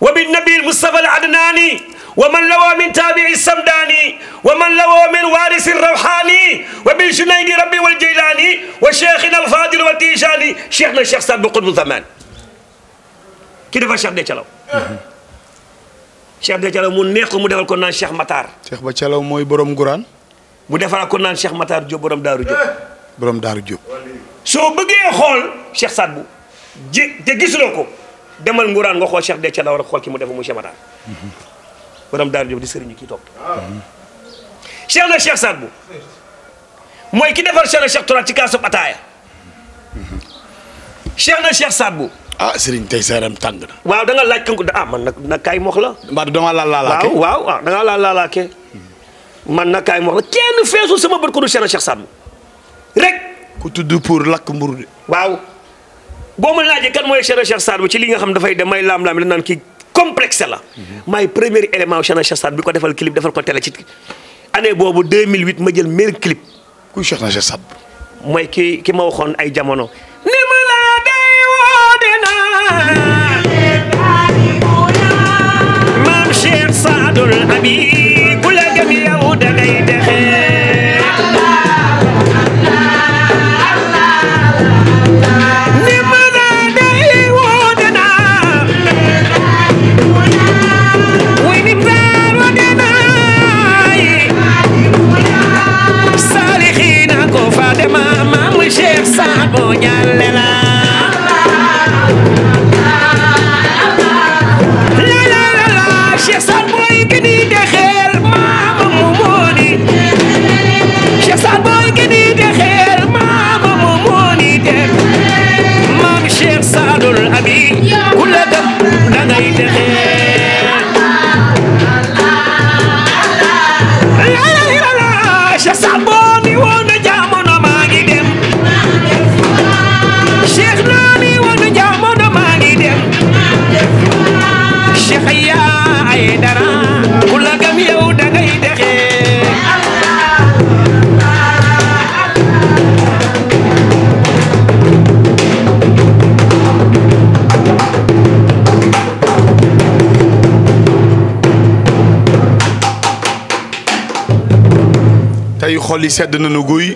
وبالنبي المصطفى العدناني ومن لوى من تابع السمداني ومن لوى من وارث الروحاني وبالجنيد ربي والجيلاني وشيخنا الفاضل والتيجاني شيخنا الشيخ سابق قطب الثمان كيف الشيخ ديتشالو؟ شيخ ديتشالو مو نيخو مو دافال كونان شيخ ماتار شيخ باتشالو موي بروم غوران مو دافال كونان شيخ ماتار جو بروم دارو جو بروم دارو جو سو بغي خول شيخ سابق ji te gisuloo ko demal nguraan nga xool Cheikh Déthié la war a xool ki mu def mu Cheikh Matar borom daara Jóob di sëriñu kii toog na Cheikh Saad bu mooy ki defar Cheikh na Cheikh Tourate ci kaasub ataaya Cheikh na Cheikh bu ah Serigne tey seeram tàng na. waaw da nga ah, la. mbaa dama laal laal laalaakee man nag kaay mox la kenn feesu sama bët ku du Cheikh na Cheikh Saad bu rek. ku tudd pour lakk mburu de. boo ma laajee kan mooy Cheikhna Cheikh Saad bu ci li nga xam dafay dem may laam-laam la naan kii complexe la. maay premier élément Cheikhna Cheikh Saad bi ko defal clip defal ko télé ci année boobu 2008 ma jël meilleur clip. kuy Cheikhna Cheikh mooy ki ki ma waxoon ay jamono. ni ma la day woo dinaa. maam Cheikh Saadul Habib ku la gëm yow da dexe saabo ñaale la xol yi sedd nañu guy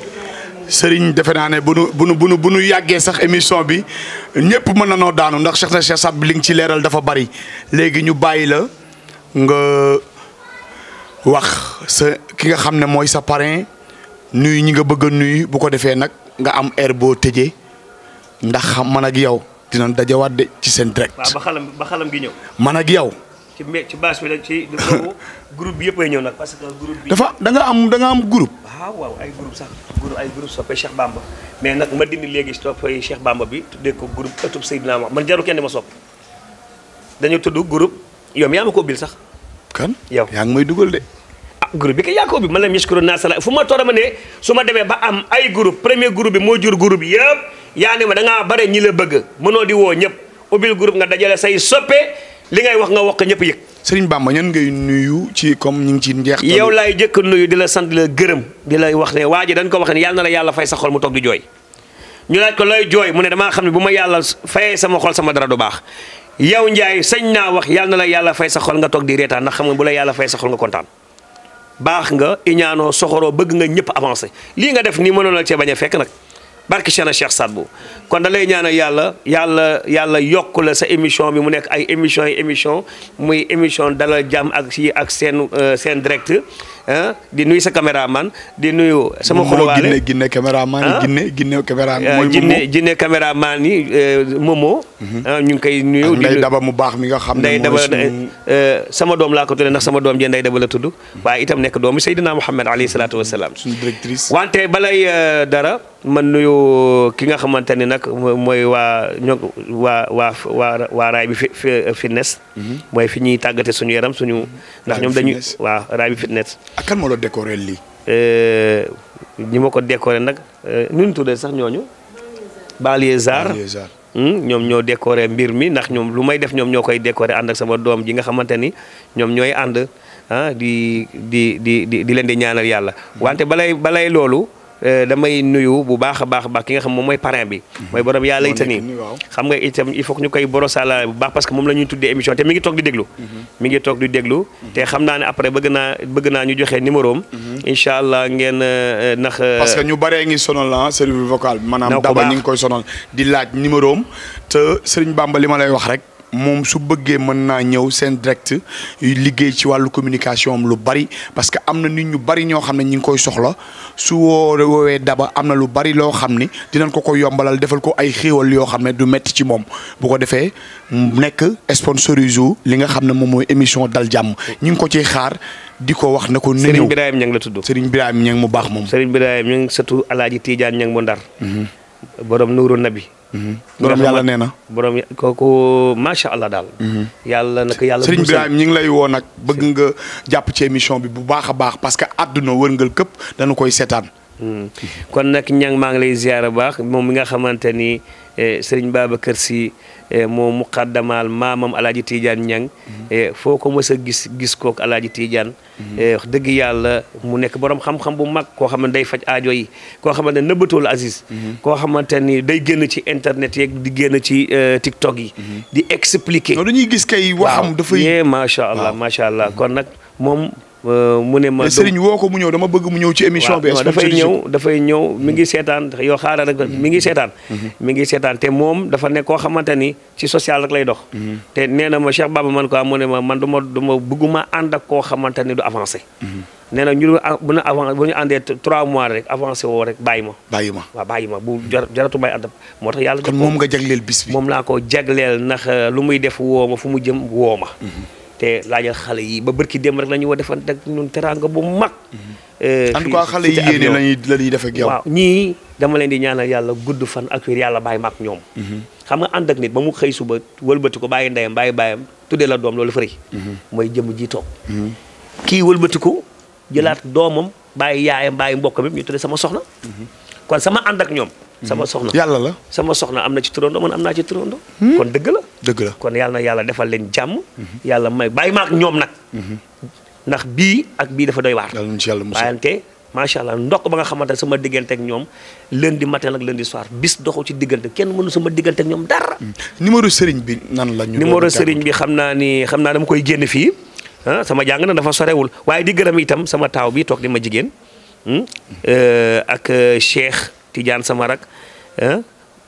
sëriñ defe naa ne bu nu bu nu bu nu yàggee sax émission bi ñëpp mën na noo daanu ndax Cheikh na Cheikh li nga ci leeral dafa bari léegi ñu bàyyi la nga wax sa ki nga xam ne mooy sa parrain nuyu ñi nga bëgg a nuyu bu ko defee nag nga am air boo tëjee ndax xam man ak yow dinañ dajawaat de ci seen direct. waaw gi ñëw. man ak yow. ci ci bâche bi la ci boobu groupe bi yëpp ay ñëw nag parce que groupe dafa danga am danga am group waaw ah, waaw ay groupe sax groupe ay groupe soppe Cheikh mais nag ma dindi léegi soppe Cheikh Bamba bi tuddee ko groupe ëttub Seydina Muhammad man jarul ma sopp dañu tudd groupe yow yaa ma ko ubbil sax. kan yow yaa ngi may dugal de. ah groupe bi kay yaa ubbi man la miskuru naa sala fu ma toog ma ne su ma demee ba am ay groupe premier groupe bi moo jur groupe yëpp yaa ne ma da ngaa bare ñi la bëgg mënoo di woo ñëpp ubbil groupe nga dajale say soppe. li ngay wax nga wax ko ñëpp yëg. sëriñ Bamba ñan ngay nuyu ci comme ñu ngi ci njeex. yow laay jëkk nuyu di la sant di la gërëm di lay wax ne waa ji dañ ko wax ne yàlla na yàlla fay sa xol mu jooy ñu laaj ko looy jooy mu ne damaa ne bu ma yàlla fayee sama xol sama dara du baax yow Ndiaye sañ naa wax yàlla na la yàlla fay sa xol nga toog di reetaan ndax xam nga bu la yàlla fay sa xol nga kontaan. baax nga iñaanoo soxoroo bëgg nga ñëpp avancé lii nga def nii mënoon la cee bañ a fekk nag barke Cheikhna Cheikh Sadbou kon da lay yàlla yàlla yàlla yokk la sa émission bi mu nekk ay émission émission muy émission dala jàmm ak si ak seen euh, seen direct di nuyu sa caméraman di nuyu sama xulwaale moo ginne caméraman ginne ginne caméraman ginne ginne caméraman euh, yi euh, Momo mhm. ñu ngi koy nuyu nday daba mu baax mi nga xam ne nday sama doom laa ko tuddee ndax sama doom jee nday daba la tudd mhm. waaye itam nekk doomu Seydina Mouhamed alayhi salaatu wasalaam suñu directrice wante balay dara man nuyu ki nga xamante ni nag mooy waa ñoo waa waa waa waa raay bi fi fitness. Mm-hmm. mooy fi ñuy tàggate suñu yaram suñu. ndax ñoom dañuy waa raay bi fitness. ak kan moo la décoré lii. Euh, ñi ma ko décoré nag euh, nu ñu tuddee sax ñooñu. Balier Zar hmm, ñoom ñoo décoré mbir mi ndax ñoom lu may def ñoom ñoo koy décoré ànd ak sama doom ji nga xamante ni ñoom ñooy ànd ah di di di di di leen di ñaanal yàlla. Mm-hmm. wante balay balay loolu. Euh, damay nuyu bu baax a baax a baax ki nga xam moom mooy parrain bi mhm. mooy borom yaa lay xam nga itam il faut que ñu koy borosala bu baax parce que moom la ñuy tuddee émission te mi ngi toog di déglu mhm. mi ngi toog di déglu mhm. te xam naa ne après bëgg naa bëgg naa ñu joxe numéro am allah ngeen euh, ndax euh, parce ñu baree ngi sonal la ah, service vocal maanaam daba ñi ngi koy sonal di laaj numéro am te Serigne Bamba li ma lay wax rek moom su bëggee mën naa ñëw seen direct liggéey ci wàllu communication lu bari parce que am na nit ñu bari ñoo xam ne ñi ngi koy soxla su woo woowee daba am na lu bari loo xam ni dinañ ko ko yombalal defal ko ay xéewal yoo xam ne du metti ci moom bu ko defee nekk sponsorise li nga xam ne moom mooy émission dal jàmm ñi ngi ko ciy xaar di ko wax na ko. Serigne Birahim Niang la tudd Serigne Birahim Niang mu baax moom. Serigne Birahim Niang sëtu Alaaji Tidiane Niang mu Ndar. Mhm. borom nuuru nabi. Mhm. borom yàlla nee na. borom kooku macha allah daal. Mhm. yàlla naka yàlla. Serigne Birahim ñi ngi lay woo nag bëgg nga jàpp ci émission bi bu baax a baax parce que àdduna wërngal këpp dana koy seetaan. Hmm. kon nag ñang maa ngi lay a baax moom mi nga xamante nii ni eh, Serigne Babacar si Eh, moom muqaddamaal maamam alaaji Tidiane Niang mm-hmm. eh, foo ko mës a gis gis kook alaaji Tidiane mm-hmm. eh, dëgg yàlla mu nekk borom xam-xam bu mag koo xam ne day faj aajo yi koo xamante ne nëbbatul Aziz mm-hmm. koo xamante ni day génn ci internet yeeg di génn ci TikTok yi di expliquer dañuy gis kay waxam dafay macha allah macha allah kon nag moom Euh, mu ne ma Serigne woo ko mu ñëw dama bëgg mu ñëw ci émission bi. dafay ñëw dafay ñëw mi ngi seetaan yow xaaral rek mi ngi seetaan. Mhm. mi ngi seetaan te moom dafa nekk koo xamante ni ci social rek lay dox. Mhm. te nee na ma Cheikh Baba man quoi mu ne ma man du ma du ma bëgguma ànd ak koo xamante ni du avancé. Mhm. nee na ñu ah, bu ñu avancé bu ñu àndee trois mois rek avancé woo rek bàyyi ma. bàyyi ma waaw bàyyi ma bu jaratu may ànd moo tax yàlla. kon moom nga jagleel bis moom laa ko jagleel ndax euh, lu muy def woo ma fu mu jëm woo ma. te laajal xale yi ba bërki dem rek la ñu war defante ak ñun teraanga bu mag. en tout euh, cas xale yi yéene la ñuy la ñuy waaw ñii dama leen di ñaanal yàlla gudd fan ak wér yàlla bàyyi ma ak ñoom. Mhm. xam nga ànd ak nit ba mu xëy suba wëlbati ko bàyyi ndeyam bàyyi baayam tuddee la doom loolu fëri. Mhm. mooy jëmm ji mhm. kii wëlbati ko jëlaat doomam bàyyi yaayam bàyyi mbokkam ñu tuddee sama soxna. kon sama ànd ak ñoom. sama mhm. soxna yalla la sama soxna amna ci turondo man amna ci turondo hmm? kon deug la deug la kon yalla na yalla defal len jàmm mhm. yalla may bàyyi maak ñom nak mhm. ndax bi ak bi dafa doy ayante ma sha allah ndokk ba nga xamantene sama diggante ak ñom lundi matin ak lundi soir bis doxu ci diggante kenn mënu sama diggante ak ñom dara numéro serigne bi nan la ñu numéro serigne bi xamna ni xamna dama koy genn fi ah, sama jang na dafa sorewul waye di gërëm itam sama taw bi tok di ma hmm? euh ak euh, cheikh jaan sama rak eh?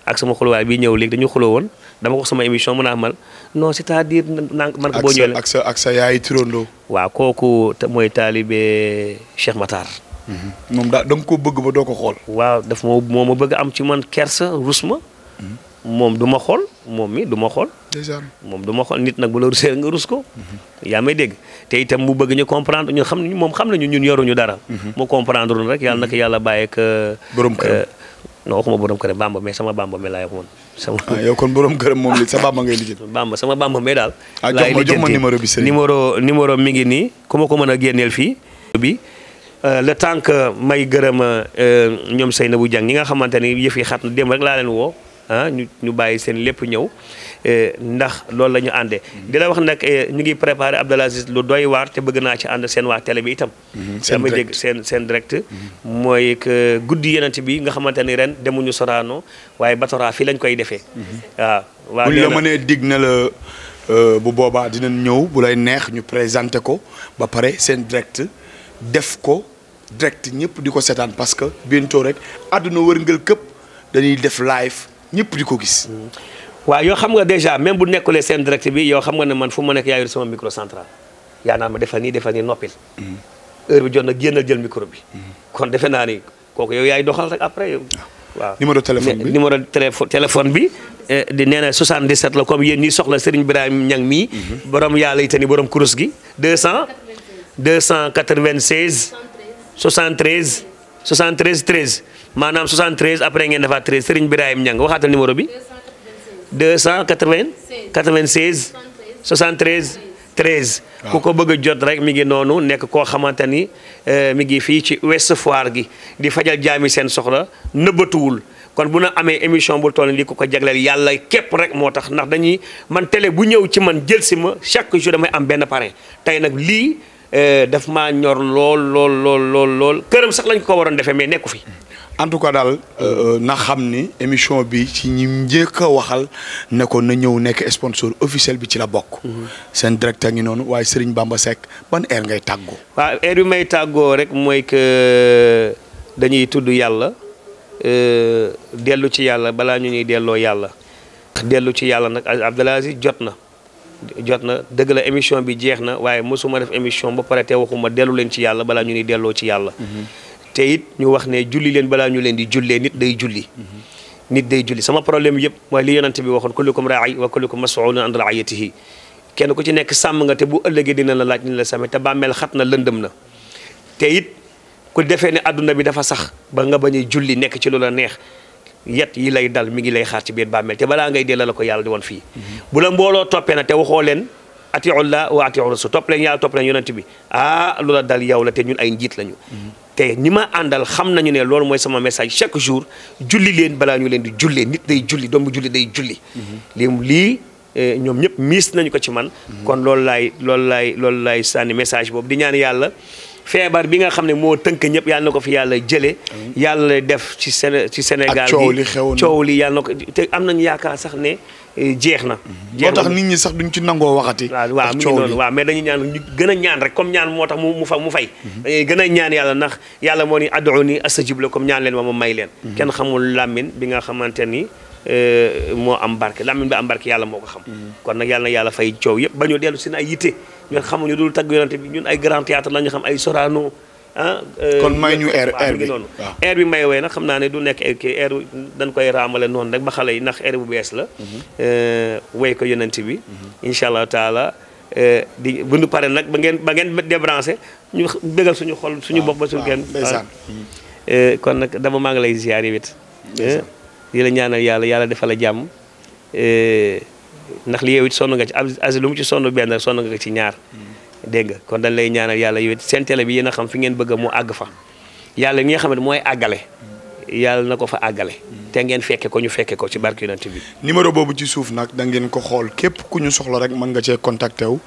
ak sama xulwaay bi ñew leg dañu xuloo dama ko sama émission mëna amal non c'est à dire man ko bo ñëwee ak sa ak sa yaay turondo wa koku moy talibé Cheikh Matar. hmm mom da dang ko bëgg ba do ko xol wa daf mo moo bëgg am ci man kersa rus ma. Mhm. moom du ma xool mi duma xol déjà mom duma xol nit nak bu la rusee nga rus ko. ya may dégg té itam mu bëgg ñu comprendre ñu xam ñu mom xam nañu ñun ñu dara. Mhm. mu comprendre rek nak yalla yàlla ke borom kër non waxuma borom këram bamba mais sama bamba mi laay wax woon. sama ah, yow kon borom këram moom li sa bamba ngay lijjanti. bamba sama bamba mi daal. Ah, laay lijjanti jox ma numéro bi sëriñ numéro numéro mi ngi nii ku ma ko mën a génneel fii. bi euh, la temps que may gërëm euh, ñoom Seynabou Dieng ñi nga xamante ni yëf xat na dem rek laa leen woo ah ñu bàyyi seen lépp ñëw. Eh, ndax loolu la ñu àndee. di la wax nag eh, ñu ngi préparé Abdoul Aziz lu dooy waar te bëgg naa ci ànd seen waa télé bi itam. Mm-hmm. seen dégg seen seen direct. Mm-hmm. mooy que guddi yenent bi nga xamante ni ren demuñu soraanoo waaye Batora fii lañ koy defee. Mm-hmm. waaw waa buñ la mënee dig na la euh, bu boobaa dina ñëw bu lay neex ñu présenté ko ba pare seen direct def ko direct ñëpp di ko seetaan parce que bientôt rek àdduna wërngal këpp dañuy def live ñëpp di ko gis. waaw yoo xam nga déjà même bu nekkulee seen direct bi yoo xam nga ne man fu ma nekk yaa yor sama micro yaa naan ma defal nii defal nii noppil mm-hmm. heure bi jot na génnal jël micro bi mm-hmm. kon defe naa ni kooku yow yaay doxal rek après ah. waaw numéro téléphone bi numéro téléphone bi eh, di nee na 77 la comme yéen ñi soxla Serigne Birahim Niang mii mm-hmm. borom yàlla itani borom kurus gi 200 296 73 73 13 maanaam 73 après ngeen defaat 13 Serigne Birahim Niang waxaatal numéro bi deux cent quatre vingt. quatre treize. treize ah. ku ko bëgg jot rek mi ngi noonu nekk koo xamante ni euh, mi ngi fii ci Ouest Foire gi di fajal jaami seen soxla nëbbatuwul. kon bu na amee émission bu toll nii ku ko jagleel yàlla képp rek moo tax ndax dañuy man tele bu ñëw ci man jël si ma chaque jour damay am benn parrain tey nag lii euh, daf maa ñor lool lool lool lool lool këram sax lañ ko waroon defee mais nekku fi. en tout cas daal euh, na xam ni émission bi ci ñi njëkk a waxal ne ko na ñëw nekk sponsor officiel bi ci la bokk. Mhm. seen directeur ngi noonu waaye Serigne Bamba Seck ban heure ngay tàggoo. waaw heure bi may tàggoo rek mooy que dañuy tudd yàlla euh, dellu ci yàlla balaa ñu ñuy delloo yàlla. dellu ci yàlla nag Abdelaziz jot na. jot na dëgg la émission bi jeex na waaye mosuma def émission ba pare te waxuma dellu leen ci yàlla balaa ñu ni delloo ci yàlla. Mhm. te it ñu wax ne julli leen balaa ñu leen di jullee nit day julli mm-hmm. nit day julli sama problème yëpp mooy li yonante bi waxoon kullukum raay wa kullukum mas'ulun an raayatihi kenn ku ci nekk sàmm nga te bu ëllëgee dina la laaj ni la sàmme te bàmmeel xat na lëndam na te it ku defee ne àdduna bi dafa sax ba nga bañ a julli nekk ci loola neex yet yi lay dal mi ngi lay xaar ci biir bàmmeel te balaa ngay dee la la ko yàlla di woon fii mm-hmm. bu la mbooloo toppee na te waxoo leen atiullah wa atiu rasul topp leen yàlla topp leen yonante bi ah dal yow la te ñun ay njiit lañu mm-hmm. te ñi ma àndal xam nañu ne loolu mooy sama message chaque jour julli leen balaa ñu leen di jullee nit day julli doomu julli day julli. Mhm. lii lii eh, ñoom ñëpp miis nañu ko ci man. Mhm. kon lool laay lool laay loolu laay sànni message boobu di ñaan yàlla. feebar bi nga xam ne moo tënk ñëpp yàlla na ko fi yàlla jëlee. yàlla def ci Séné ci Sénégal bi coow li xew na coow li ko te am nañu yaakaar sax ne eh, jeex na. Mm-hmm. jeex moo tax nit ñi sax ñu ci nangoo waxati. waaw waaw mi ngi noonu waaw mais dañuy ñaan gën a ñaan rek comme ñaan moo tax mu mu fa mu mm-hmm. gën a ñaan yàlla ndax yàlla moo ni ad'uuni astajib comme ñaan leen ma ma may leen. Mm-hmm. kenn xamul làmmin bi nga xamante ni. Euh, moo am barke làmmiñ bi am barke yàlla moo ko xam mhm. kon nag yàlla yàlla fay coow yëpp ba ñoo dellu seen ay yitte ñun xamuñu dul tagg yonante bi ñun ay grand théâtre la ñu xam ay Sorano ah euh, kon ñu air air bi noonu air bi may wee nag xam naa ne du nekk ki air dañ koy raamale noonu rek ba xale yi ndax air bu bees la mhm. euh, way ko yonante bi mhm. incha allah taala di bu pare nag ba ngeen ba ngeen débranché ñu bégal suñu xol suñu bopp ba suñu kon nag dama maa ngi lay ziar yi di la ñaanal yàlla yàlla defal la jàmm e, ndax li yow it nga ci as lu mu ci sonn benn sonn nga ci ñaar dégg nga kon dañ lay ñaanal yàlla yow it seen télé bi yéen a xam fi ngeen bëgg mu àgg fa yàlla ñi nga xam ne mooy àggale yàlla na ko fa àggale te ngeen fekke ko ñu fekke ko ci barke yonent bi numéro boobu ci suuf nag da ngeen ko xool képp ku ñu soxla rek mën cee contacté wu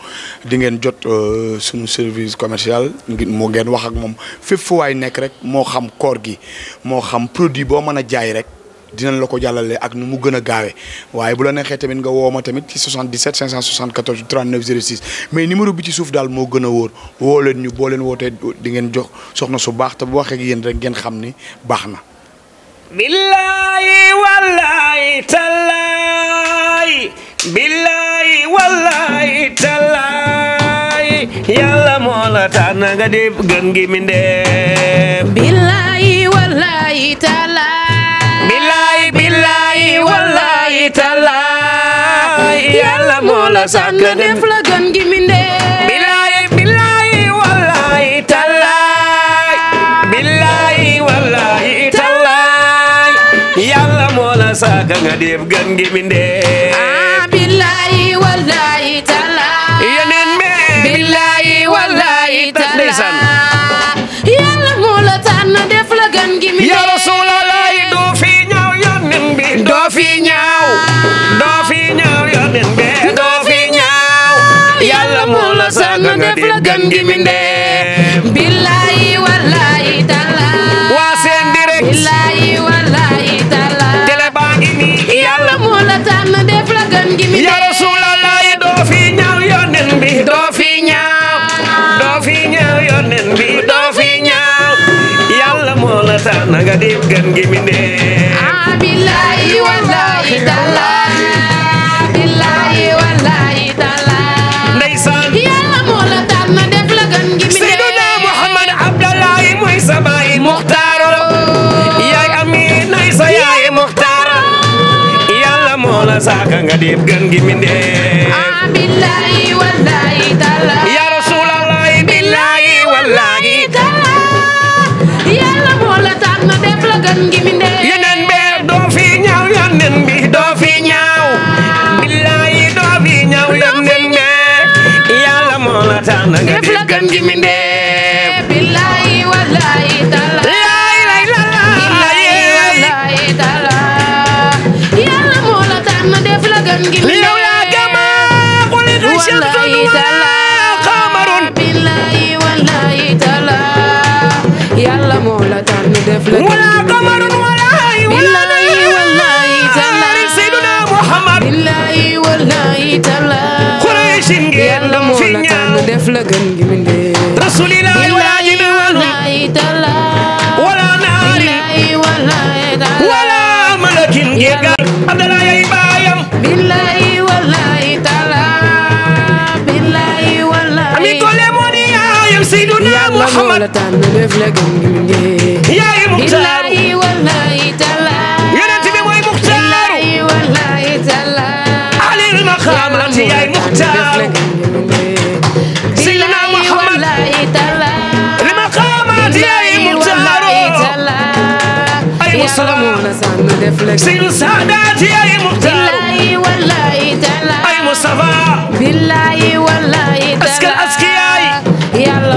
di ngeen jot e, suñu service commercial moo ngeen wax ak moom fépp fu waay nekk rek moo xam koor gi moo xam produit boo mën a jaay rek dinañ la ko jàllale ak nu mu gën a gaawee waaye bu la neexee tamit nga woo ma tamit ci 77 574 39 06 mais numéro bi ci suuf daal moo gën a wóor woo leen ñu boo leen wootee di ngeen jox soxna su baax te bu waxee ak rek ngeen xam ni baax na. billaahi wallaahi tallaahi yàlla moo la tànn nga di gën gi mi ndee. wallaahi tallaahi yàlla moo la def la gën gi mindee billaahi billaahi wallaahi tallaahi billaahi wallaahi tallaahi yàlla moo la sàkk nga def gën gi mindee mindeef la gën gi mindeef billahi wallahi taala waa seen direct billahi wallahi taala ya rasulallah fi yonen bi fi fi yonen bi fi saaka nga di gën gi mi billahi wallahi taala ya rasulallahi billahi wallahi taala yàlla la tax na def la gën gi mi ndee yeneen bee fi ñaaw yonneen bi doo fi ñaaw billahi doo fi ñaaw yonneen bee yàlla la tax na def la gën gi لولا كما قلت الشمس تلا قمر بالله والله تلا يلا مولا تاني دف لك ولا قمر ولا بالله والله تلا سيدنا محمد بالله والله تلا قريش يلا مولا تاني دف لك رسول الله والله تلا ولا نار ولا ملك يلا la tànn def la gën gën gën. yaay muxtaar illaahi wallaahi taalaa. yonent bi mooy muxtaar. illaahi wallaahi taalaa. alil maqaamaati yaay muxtaar. Seydina Muhammad. illaahi taalaa. li maqaamaati yaay muxtaar. ay musalaamu. Seydu Saadaati yaay muxtaar. illaahi wallaahi taalaa. ay musafaa. billaahi wallaahi.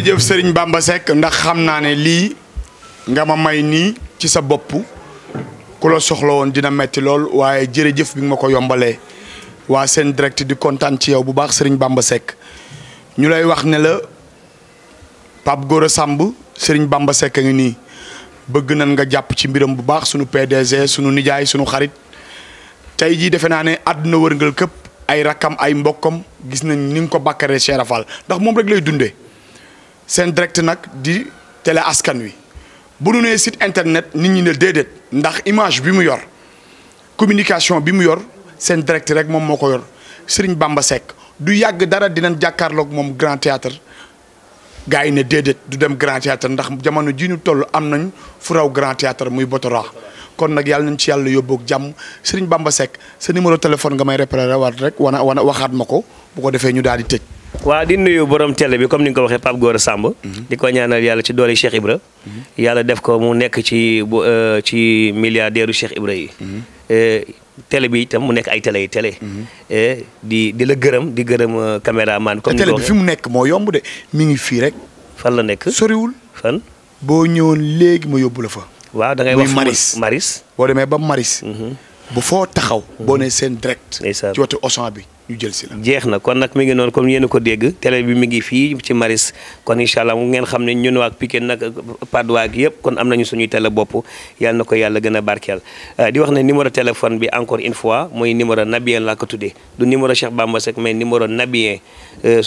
sëriñ Bamba Seck ndax xam naa ne lii nga ma may nii ci sa bopp ku la soxla woon dina metti lool waaye jërëjëf bi ma ko yombalee waa seen direct di kontaan ci yow bu baax sëriñ Bamba Seck ñu lay wax ne la Pape Gora Samb sëriñ Bamba Seck a nii bëgg nan nga jàpp ci mbiram bu baax sunu PDG sunu nijaay sunu xarit tey jii defe naa ne àdduna wërngal këpp ay rakkam ay mbokkam gis nañ ni nga ko bàkkaree Cheikh ndax moom rek lay dundee. sen direct nak di télé askan wi bu ñu né site internet nit ñi ne déedéet ndax image bi mu yor communication bi mu yor sen direct rek mom moko yor Serigne Bamba Seck du yag dara dinañ jàkkaarloog mom grand théâtre gaay né ne du dem grand théâtre ndax jamono ji ñu toll am nañ fu raw grand théâtre muy Botora kon nak yalla nañ ci yàlla yóbboog jam Serigne Bamba Seck sa numéro téléphone nga may réparé waat rek wana wana waxaat ma bu ko défé ñu daal di tëj. waa di nuyu borom télé bi comme ni nga ko waxee Pape Gora Samb. Mhm. di ko ñaanal yàlla ci doole Cheikh Ibra. Mhm. yàlla def ko mu nekk ci euh, ci milliardaire Cheikh Ibra yi. Mhm. Euh, télé bi itam mu nekk ay télé yi télé. Euh, di di la gërëm di gërëm caméraman. comme ni ko fi mu nekk moo yomb de mi ngi fii rek. fan la nekk soriwul. fan boo ñëwoon léegi ma yóbbu la fa. waaw da ngay wax maris maris. boo demee ba maris. bu foo taxaw. boo ne seen direct. ci wetu Auchan bi. ñu jël si la. jeex na kon nag mi ngi noonu comme yéen a ko dégg télé bi mi ngi fii ci Maris kon incha mu ngeen xam ne ñun waak Pikine nag Patte waag kon am nañu suñuy télé bopp yal na ko yàlla gën a barkeel euh, di wax ne numéro téléphone bi encore une mooy numéro Nabien laa du numéro Cheikh Bamba Seck mais Nabien euh,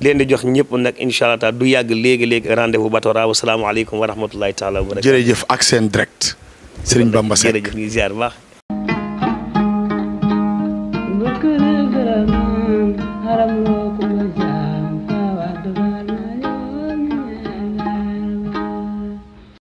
leen di jox ñëpp nag incha du yàgg léegi léegi rendez vous Batora wa salaamualeykum wa rahmatullahi taala wa Serigne Bamba Seck jërëjëf ñu ziar baax.